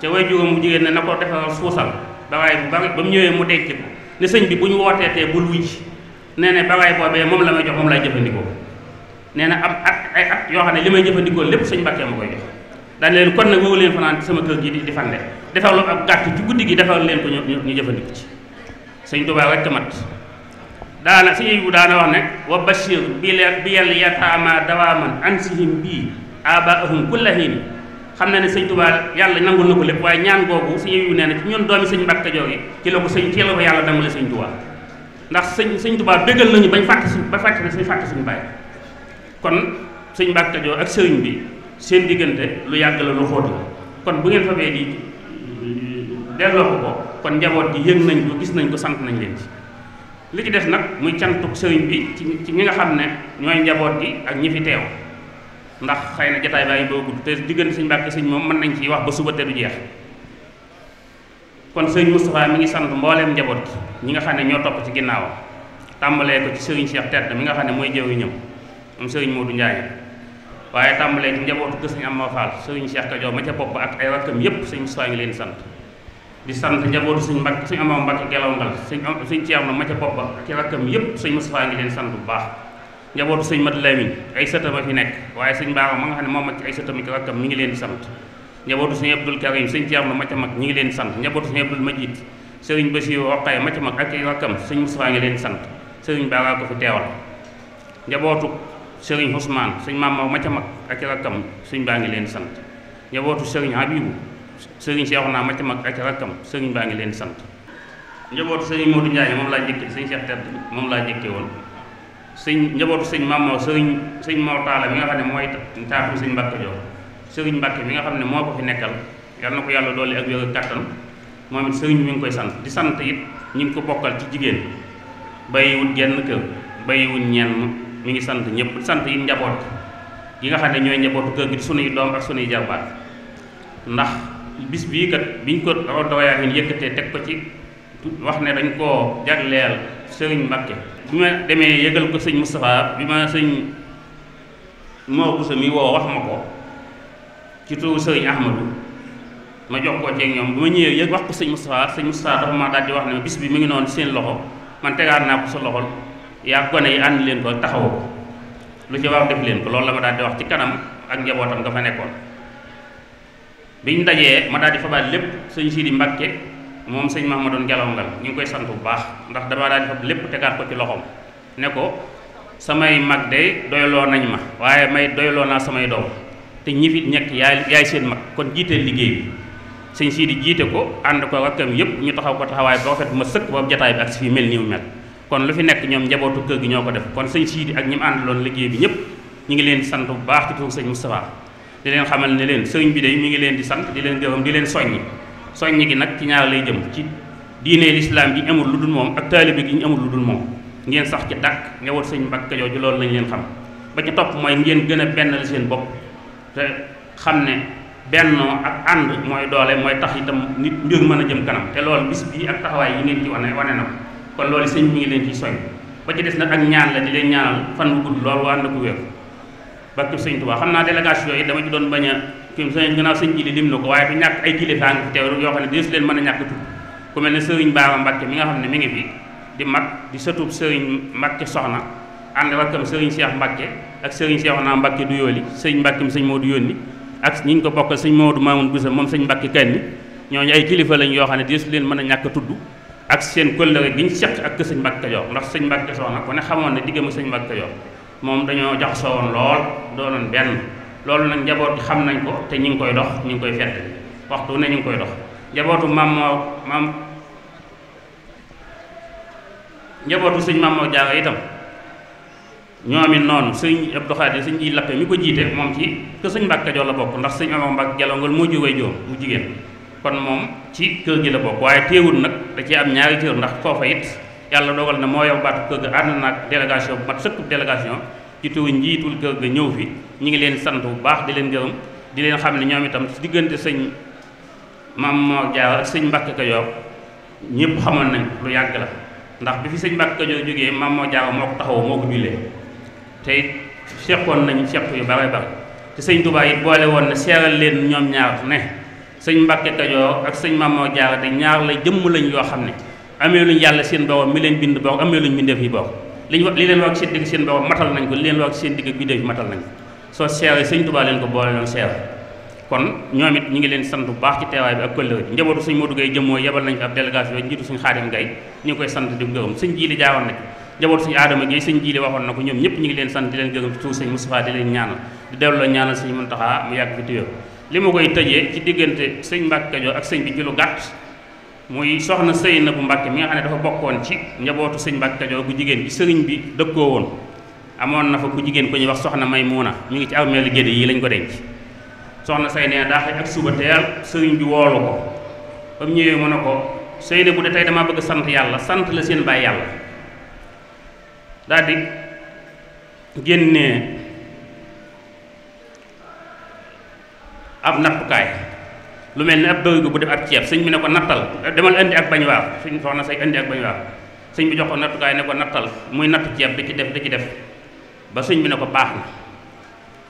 ca way jógam mu jigéen ne na ko defal suusal bawaay ba mu ñëwee mu denc ne sëñ bi bu ñu wootee tee bul wuy nee na bagaay boobee moom la may jox moom laay jëfandikoo nee na am at ay at yoo xam ne li may jëfandikoo lépp sëñ Mbàkke ma koy jox daan leen kon nag woowu leen fanaan sama kër gi di fande defal ak gàtt ci guddi gi defal leen ko ñu ñu jëfandiku ci sëñ Tuubaa rekk mat daana sëñ bu daana wax ne wa bashir bi leen bi yàlla yataama dawaaman ansihim bii abaahum kullahin xam na ne sëñ Tuubaa yàlla nangul na ko lépp waaye ñaan googu sëñ yu nee na ci ñun doomi sëñ Mbàkke Kajoor gi ci la ko sëñ ci la ko yàlla nangule sëñ Tuubaa ndax sëñ sëñ Tuubaa bégal nañu bañ fàkk suñ ba fàtte suñ fàtte suñu bàyyi kon sëñ Mbàkke Kajoor ak sëriñ bi seen diggante lu yàgg la lu xóot la kon bu ngeen fa bee ko kon njaboot gi yëg nañ ko gis nañ ko sant nañ leen li ci des nag muy cantuk sëriñ bi ci ci ñi nga xam ne ñooy njaboot gi ak ñi fi teew ndax xëy na jataay baa ngi doo gudd sëñ Mbàkke sëñ moom mën nañ ciy wax ba suba te jeex kon sëñ Moustapha mi ngi sant mbooleem njaboot gi ñi nga xam ne ñoo topp ci ginnaawam tàmbalee ko ci sëriñ Cheikh Tedd mi nga xam ne mooy ñëw moom sëriñ Modou Ndiaye waaye tàmbalee ci njabootu kër sëriñ Amma Fall sëriñ Cheikh Kajoor ma ca bopp ak ay rakkam yépp sëriñ Moussa ngi leen sant di sant njabootu sëriñ Mbàkke sëriñ Amma Mbàkke Gelongal sëriñ sëriñ Ceerno ma ca bopp ak rakkam yépp sëriñ Moussa ngi leen sant bu baax njabootu sëriñ Mat Lamin ay sëtama fi nekk waaye sëriñ Baara ma nga xam ne moom ak ay sëtami ki rakkam mi ngi leen di sant njabootu sëriñ Abdul Karim sëriñ Ceerno ma ca mag ñi ngi leen sant njabootu sëriñ Abdul Majid sëriñ Bachir Roqaay ma ci mag ak ay rakkam sëriñ Moustapha ngi leen sant sëriñ Bara ko fi teewal njabootu sëriñ Ousmane sëñ Maam ma ca mag ak i rakkam sëriñ baa ngi leen sant njabootu sëriñ Habibou sëriñ Cheikhouna ma ca mag ak i rakkam sëriñ ngi leen sant njabootu sëriñ Modou Ndiaye moom laa jëkke sëriñ Cheikh Tedd moom laa jëkke woon sëriñ njabootu sëñ Maam sëriñ sëriñ Mor Talla mi nga xam ne mooy taaxu sëñ Mbacke Diop sëriñ Mbacke mi nga xam ne moo ko fi nekkal yal na ko yàlla doole ak wér kattan moom it sëriñ bi ngi koy sant di sant it ñi ngi ko bokkal ci jigéen bàyyiwul genn kër bàyyiwul ñenn mi ngi sant ñëpp di sant it njaboot yi nga xam ne ñooy njabootu kër gi di suñuy doom ak suñuy jarbaat ndax bis bii kat biñ ko dooyaa yi yëkkatee teg ko ci wax ne dañ koo jagleel sëriñ Mbàkke bi ma demee yëgal ko sëñ Moustapha bi ma sëñ Mor Bousso mi woo wax ma ko ci turu sëriñ Ahmadou ma jox koo ceeg ñoom bu ma ñëwee yëg wax ko sëñ Moustapha sëñ Moustapha dafa ma daal di wax ne bis bi mi ngi noonu seen loxo man tegaat naa ko sa loxol yaa gone yi ànd leen ko taxawu ko lu ci wax def leen ko loolu la ma daal di wax ci kanam ak njabootam nga fa nekkoon biñ dajee ma daal di fabaat lépp sëñ Sidi Mbacke moom sëñ Mahamadoon Jalaw Ngal ñu ngi koy sant bu baax ndax dama daal fab lépp tegaat ko ci loxoom ne ko samay mag de doyloo nañ ma waaye may doyloo naa samay doom te ñi fi nekk yaay yaay seen mag kon jiiteel liggéey bi sëñ Sidi jiite ko ànd ko wakkam yëpp ñu taxaw ko taxawaay ba rafet ma sëkk ba jataay bi ak si fii mel nii mu mel kon lu fi nekk ñoom njabootu kër gi ñoo ko def kon sëñ Sidi ak ñi mu àndaloon liggéey bi ñëpp ñu ngi leen sant bu baax ci tur sañ Moustapha di leen xamal ne leen sëñ bi day mi ngi leen di sant di leen gërëm di leen soññi soññ gi nag ci ñaar lay jëm ci diine lislaam bi ñu amul lu dul moom ak taalibe gi ñu amul lu dul moom ngeen sax ci dàkk njaboot sëñ Mbàkke Kajoor ji loolu lañ leen xam ba ci topp mooy ngeen gën a bennal seen bopp te ne bennoo ak ànd mooy doole mooy tax itam nit mbir mën a jëm kanam te lool bis bii ak taxawaay yi ngeen ci wane wane na ko kon loolu sëñ mi ngi leen ci soñ ba ci des nag ak ñaan la di leen ñaanal fan bu gudd loolu waa ko wér bakki sëñ Tuubaa xam naa délégation yi dama ci doon bañ a fi sëñ gannaaw sëñ ji li lim na ko waaye fi ñàkk ay kilifa ngi fi teew yoo xam ne deesu leen mën a ñàkk tudd ku mel ne sëriñ Baaba Mbàkke mi nga xam ne mi ngi fi di mag di sëtub sëriñ Mbàkke soxna ànd rakkam sëriñ Cheikh Mbàkke ak sëriñ Cheikh naa Mbàkke du yooli sëriñ Mbàkke mi sëñ moo du yónni ak ñi ñu ko bokkal sëñ Maodo Mamoun Bousso moom sëñ Mbacke ñoo ñooñu ay kilifa lañ yoo xam ne deesu leen mën a ñàkk tudd ak seen kóllëre gi ñu seq ak sëñ Mbacke Kajoor ndax sëñ Mbacke nag ku ne xamoon ne diggam sëñ Mbacke Kajoor moom dañoo jox jaxasoo woon lool doonoon benn loolu nag njaboot xam nañ ko te ñu ngi koy dox ñu ngi koy fedd waxtu ne ñu ngi koy dox njabootu maam moo maam njabootu sëñ maam moo jaaga itam ñoom it noonu sëñ Abdou Khadir sëñ ji lappe mi ko jiite moom ci kër sëñ Mbàkke la bokk ndax sëñ Amam Mbàkke Jalongal moo jógee joom bu jigéen kon moom ci kër gi la bokk waaye téewul nag da ci am ñaari cër ndax foofa it yàlla dogal na moo yor baatu kër ga ànd naag délégation bu mat sëkkub délégation ci tuw njiitul kër ga ñëw fi ñu ngi leen sant bu baax di leen gërëm di leen xam ne ñoom itam diggante sëñ Maam Moor sëñ Mbàkke Kajoor ñëpp xamoon nañ lu yàgg la ndax bi fi sëñ Mbàkke jógee Maam Moor Jaara moo ko taxaw moo ko jullee te it seqoon nañ seq yu bare bare te sëñ Tuubaa it boole woon na seeral leen ñoom ñaar ne sëñ Mbàkke Kajoor ak sëñ Mamoor Jaara de ñaar la jëmm lañ yoo xam ne amee luñ yàlla seen borom mi leen bind borom amee luñ mbindeef yi borom li li leen wax seen digg seen borom matal nañ ko li leen wax seen digg mbindeef yi matal nañ ko soo seere sëñ Tuubaa leen ko boole loon seere kon ñoom it ñu ngi leen sant bu baax ci teewaay bi ak këllëra bi njabootu sëñ Modou Gueye yebal nañ ko ab délégation njiitu sëñ Xaadim Gueye ñu koy sant di gërëm sëñ Jiili jaaroon na jaboot suñu aadama gi sëñ jiile waxoon na ko ñoom ñëpp ñu ngi leen sant di leen gërëm ci tuur sëñ Moustapha di leen ñaanal di delloo ñaanal sëñ Muntaxa mu yàgg fi téwér li ma koy tëjee ci diggante sëñ Mbàkke Kajoor ak sëñ bi ci gàtt muy soxna sëy na bu Mbàkke mi nga xam ne dafa bokkoon ci njabootu sëñ Mbàkke Kajoor gu jigéen bi sëriñ bi dëkkoo woon amoon na fa ku jigéen ko ñuy wax soxna Maymuna mi ngi ci armeelu Gédé yi lañ ko denc soxna say nee daa ak suba teel sëriñ bi woolu ko ba mu ñëwee mu ne ko sëy na bu dee tey damaa bëgg sant yàlla sant la seen bàyyi yàlla daal di ab nattukaay lu mel ni ab doygu bu def ab ceeb sëñ bi ne ko nattal demal indi ak bañ waaf suñ soxna say indi ak bañ waaf sëñ bi jox ko nattukaay ne ko nattal muy natt ceeb di ci def di ci def ba sëñ bi ne ko baax na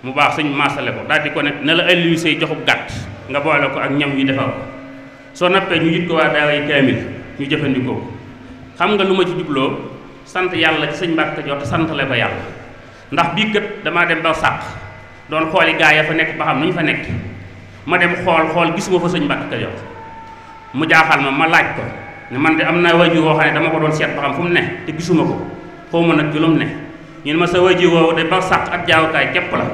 mu baax sëñ maasale ko daal ko ne ne la Aliou Seye joxub gàtt nga boole ko ak ñam yu defar ko soo nappee ñu yit ko waa daaway kaamil ñu jëfandikoo xam nga lu ma ci jubloo sant yàlla ci sëñ Mbàkke Kajoor te sant la ko yàlla ndax bii kët damaa dem ba sàq doon xooli gaa ya fa nekk ba xam nu ñu fa nekk ma dem xool xool gisuma fa sëñ Mbàkke Kajoor mu jaaxal ma ma laaj ko ne man de am na waajur woo xam ne dama ko doon seet ba xam fu mu ne te gisuma ko xaw ma nag julum ne ñu ne ma sa waajur woowu de ba sàq ak jaawukaay képp la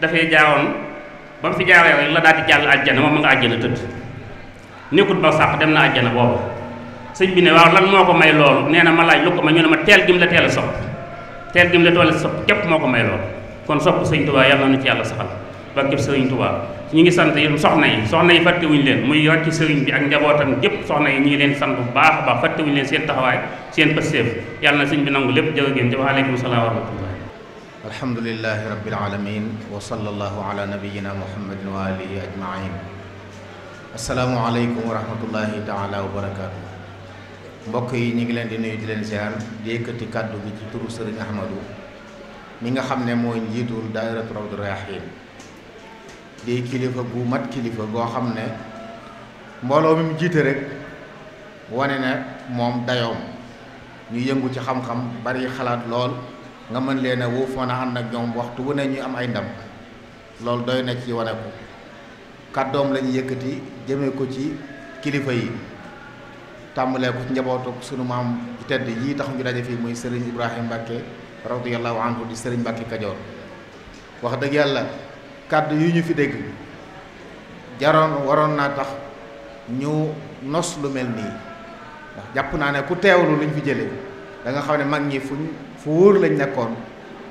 dafay jaawoon ba mu fi jaaree la daal di jàll àjjana moom ma nga àjjana tëdd nekkut ba sàq dem na àjjana boobu sëñ bi ne waaw lan moo ko may loolu nee na ma laaj lu ma ñu ne ma teel gim la teel a sopp teel gim la teel a sopp képp moo ko may loolu kon sopp sëñ Tuubaa yàlla na ci yàlla saxal ba képp sëriñ Tuubaa ñu ngi sant yi soxna yi soxna yi fàttewuñu leen muy yor ci sëriñ bi ak njabootam gépp soxna yi ñu leen sant bu baax a baax fàttewuñu leen seen taxawaay seen yàlla na sëñ bi nangu lépp jërë ngeen jëf aleykum salaam wa rahmatullah alhamdulilahi rabbil alamin wa sallallahu ala nabiyyina muhammadin wa alihi ajmain assalaamu aleykum wa rahmatullahi taala wa barakatuh mbokk yi ñu ngi leen di nuyu di leen ziar di yëkkati kàddu gi ci turu sëriñ Ahmadou mi nga xam ne mooy njiitul daayiratu Rawdu Rayaahiin di kilifa gu mat kilifa goo xam ne mbooloo mi mu jiite rek wane ne moom dayoom ñu yëngu ci xam-xam bari xalaat lool nga mën leen a wuuf mën a ànd ak ñoom waxtu wu ne ñuy am ay ndam loolu doy na ci wane ko kàddoom la ñu yëkkati jëmee ko ci kilifa yi. tàmbalee ko njabootu sunu maam bu tedd yii tax ñu daje fii muy Serigne Ibrahima Mbacke radiyallahu anhu di Serigne Mbacke Kajoor wax dëgg yàlla kàddu yu ñu fi dégg jaroon waroon naa tax ñu nos lu mel nii ndax jàpp naa ne ku teewlu luñ fi jëlee da xam ne mag ñi fuñ fu wóor lañ nekkoon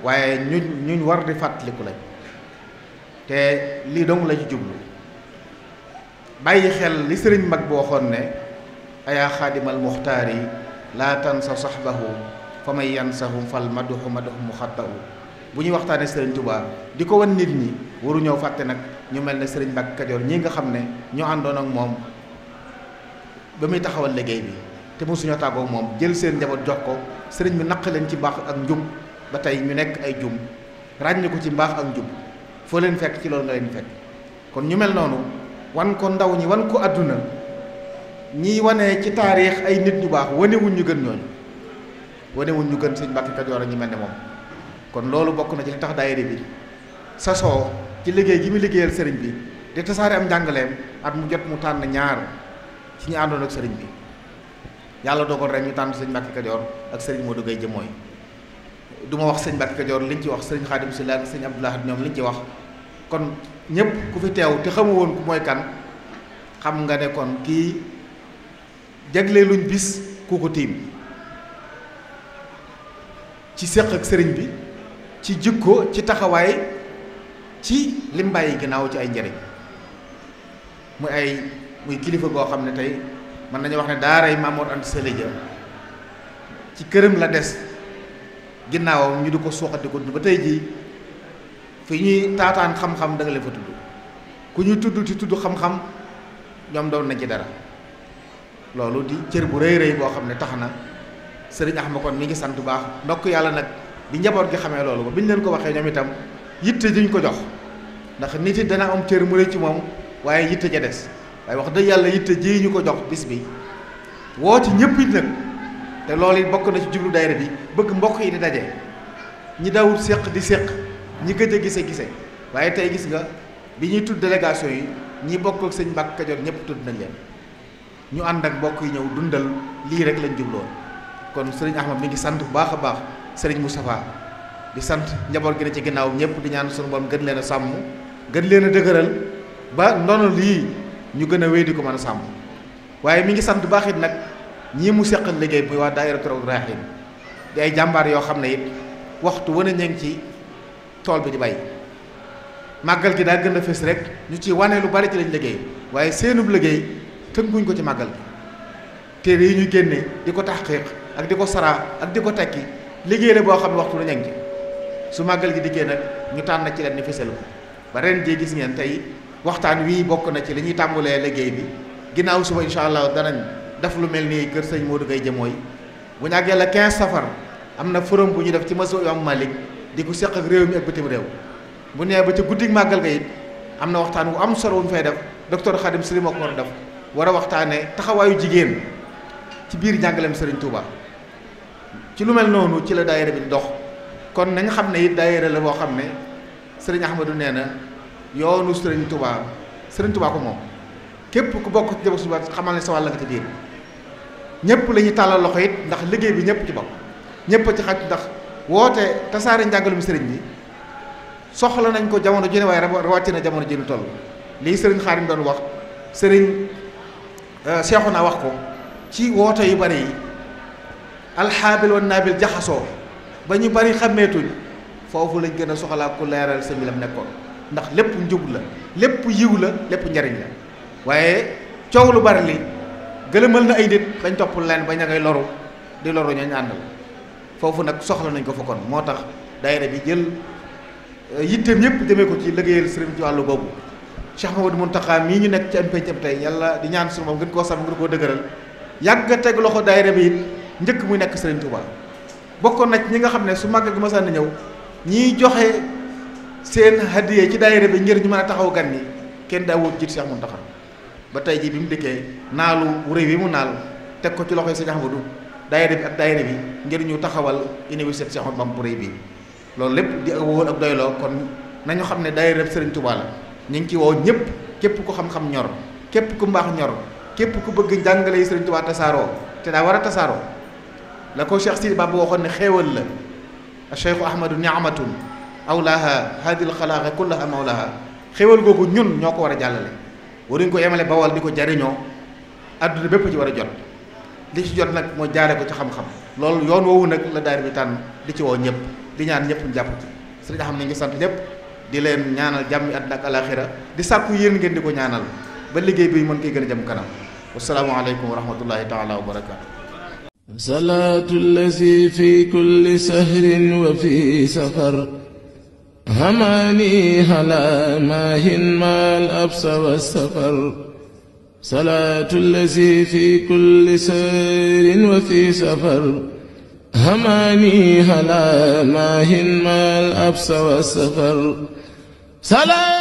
waaye ñu ñuñ war di fàttaliku lañ te lii dong la ci jublu bàyyi xel li sëriñ mag boo waxoon ne. ayaa xaadimal muxtaari laa tansa saxbahu fa may yansahum fal maduxu maduxu mu xattawu bu ñuy waxtaanee sëriñ Touba di ko wan nit ñi waru ñëw fàtte nag ñu mel ne sëriñ Mbàkke Kajoor ñii nga xam ne ñoo àndoon ak moom ba muy taxawal liggéey bi te mu suñu tàggoo moom jël seen njaboot jox ko sëriñ bi naq leen ci baax ak njub ba tey ñu nekk ay jum ràññi ko ci mbaax ak njub foo leen fekk ci loolu nga leen fekk kon ñu mel noonu wan ko ndaw ñi wan ko àdduna ñi wane ci taarix ay nit ñu baax wanewuñ ñu gën ñooñu wanewuñ ñu gën sëñ Mbàkke Kajoor ñu mel ne moom kon loolu bokk na ci li tax daayira bi sa sasoo ci liggéey gi muy liggéeyal sëriñ bi di tasaare am njàngaleem at mu jot mu tànn ñaar ci ñu àndoon ak sëriñ bi yàlla dogal rek ñu tànn sëñ Mbàkke Kajoor ak sëriñ Modou Gueye Jëmooy mooy duma wax sëñ Mbàkke Kajoor liñ ci wax sëriñ Xaadim Sylla ak sëñ Abdoulaye ñoom liñ ci wax kon ñëpp ku fi teew te xamu woon ku mooy kan nga jaglee luñ bis ku ko tiim ci séq ak sëriñ bi ci jikko ci taxawaay ci lim bàyyi ginnaaw ci ay njariñ muy ay muy kilifa goo xam ne tey mën nañu wax ne daaray Mamoor Anta Sali ja ci këram la des ginnaawam ñu di ko suuxat di ko ba tey jii fi ñuy taataan xam-xam da leen fa tudd ku ñu tudd ci tudd xam-xam ñoom doon nañ ci dara loolu di cër bu rëy rëy boo xam ne tax na sëriñ Axma kon mi ngi sant bu baax ndokk yàlla nag bi njaboot gi xamee loolu ba bi ñu leen ko waxee ñoom itam yitte duñ ko jox ndax nit it dana am cër mu rëy ci moom waaye yitte ja des waaye wax dëgg yàlla yitte ji ñu ko jox bis bi woo ci ñëpp it te loolu it bokk na ci jublu daayira bi bëgg mbokk yi di daje ñi dawul séq di séq ñi gëj a gise gise waaye tey gis nga bi ñuy tudd délégation yi ñii bokk sëñ Mbàkke Kajoor ñëpp tudd nañ leen ñu ànd ak mbokk yi ñëw dundal lii rek lañ jubloo kon sëriñ Ahmad mi ngi sant bu baax a baax sëriñ Moustapha di sant njaboot gi ne ci ginnaaw ñëpp di ñaan suñu borom gën leen a sàmm gën leen a dëgëral ba ndono lii ñu gën a wéy di ko mën a sàmm waaye mi ngi sant bu baax it nag ñii mu seqal liggéey bi waa daayira Rawdu Rayaahiin di ay jàmbaar yoo xam ne it waxtu wane ña ngi ci tool bi di bay màggal gi daal gën a fës rek ñu ci wane lu bari ci lañ liggéey waaye seenub liggéey. tënkuñ ko ci màggal téere yi ñu génne di ko tax taxqiq ak di ko saraa ak di ko tekki liggéey la boo xam ne waxtu la ñaŋ ci su màggal gi dikkee nag ñu tànn ci leen ni fësal ko ba ren jii gis ngeen tey waxtaan wii bokk na ci li ñuy tàmbalee liggéey bi ginnaaw suba incha allah danañ def lu mel ni kër sëñ Modou Gueye Jëmooy bu ñu àggee la 15 safar am na forum bu ñu def ci maso Imam Malik di ko seq ak réew mi ak bitim réew bu nee ba ci guddi màggal ga it am na waxtaan wu am solo wu ñu fay def docteur Khadim Siri moo ko war a waxtaane taxawaayu jigéen ci biir jàngaleem sëriñ Touba ci lu mel noonu ci la daayira bi dox kon nañ xam ne it daayira la boo xam ne sëriñ Ahmadou nee na yoonu Serigne Touba Serigne Touba moom képp ku bokk ci jabar suba xamal ne sa wàll nga ci biir ñëpp lañuy ñuy tàllal loxo it ndax liggéey bi ñëpp ci bokk ñëpp ci xaj ndax woote tasaare njàngalum sëriñ bi soxla nañ ko jamono ju ne waaye rawatina jamono ji ñu toll lii sëriñ Xaarim doon wax sëriñ Euh, seexu naa wax ko ci woote yu bari yi alxaabil wa naabil jaxasoo ba ñu bari xàmmeetuñ foofu lañ gën a soxlaa ku leeral sa mbiram nekkoon ndax lépp njub la lépp yiw la lépp njariñ la waaye coow lu bari li gëlëmal na ay nit bañ topp leen ba ña ngay loru di loru ñooñu àndal foofu nag soxla nañ ko fa kon moo tax daayira bi jël euh, yitteem yépp demee ko ci liggéeyal sëriñ ci wàllu boobu Cheikh Mamadou Mountakha mii ñu nekk ci am péncam tey yàlla di ñaan suñu moom gën koo sàmm gën koo dëgëral yàgg a teg loxo daayira bi njëkk muy nekk Serigne Touba bokkoon na ci ñi nga xam ne su màggal gi ma sànni ñëw ñi joxe seen hadiye ci daayira bi ngir ñu mën a taxaw gan yi kenn daa wóot jiit Cheikh Mountakha ba tey jii bi mu dikkee naalu réew bi mu naal teg ko ci loxo yi Serigne Ahmadou bi ak daayira bi ngir ñu taxawal université Cheikh Ahmadou Bamba bu réy bi loolu lépp di woon ak doyloo kon nañu xam ne daayira Serigne Touba la ñu ngi ci wow ñëpp képp ku xam-xam ñor képp ku mbaax ñor képp ku bëgg jàngale yi Sëriñ Tuubaa tasaaroo te daa war a tasaaroo la ko Cheikh Sidi Baba waxoon ne xéewal la a Cheikhu Ahmadu niamatun awlaha hadil xalaaqa kullaha mawlaha xéewal googu ñun ñoo ko war a jàllale waruñ ko yemale bawal di ko jariñoo adduna bépp ci war a jot li ci jot nag mooy jaare ko ci xam-xam loolu yoon woowu nag la daayira bi tànn di ci woo ñëpp di ñaan ñëpp ñu jàpp ci sëriñ xam ne ngi sant ñëpp di leen ñaanal jàmm àddina ak alaaxira di sàkku yéen ngeen di ko ñaanal ba liggéey bi mën koy gën a jëm kanam wassalaamu aleykum wa rahmatullahi taala wa barakaatu salaatu allazi fi kulli sahrin wa fi safar hamaani halaa maahin maal absa wa safar salaatu allazi fi kulli sahrin wa fi safar hamaani halaa maahin maal absa wa safar salaam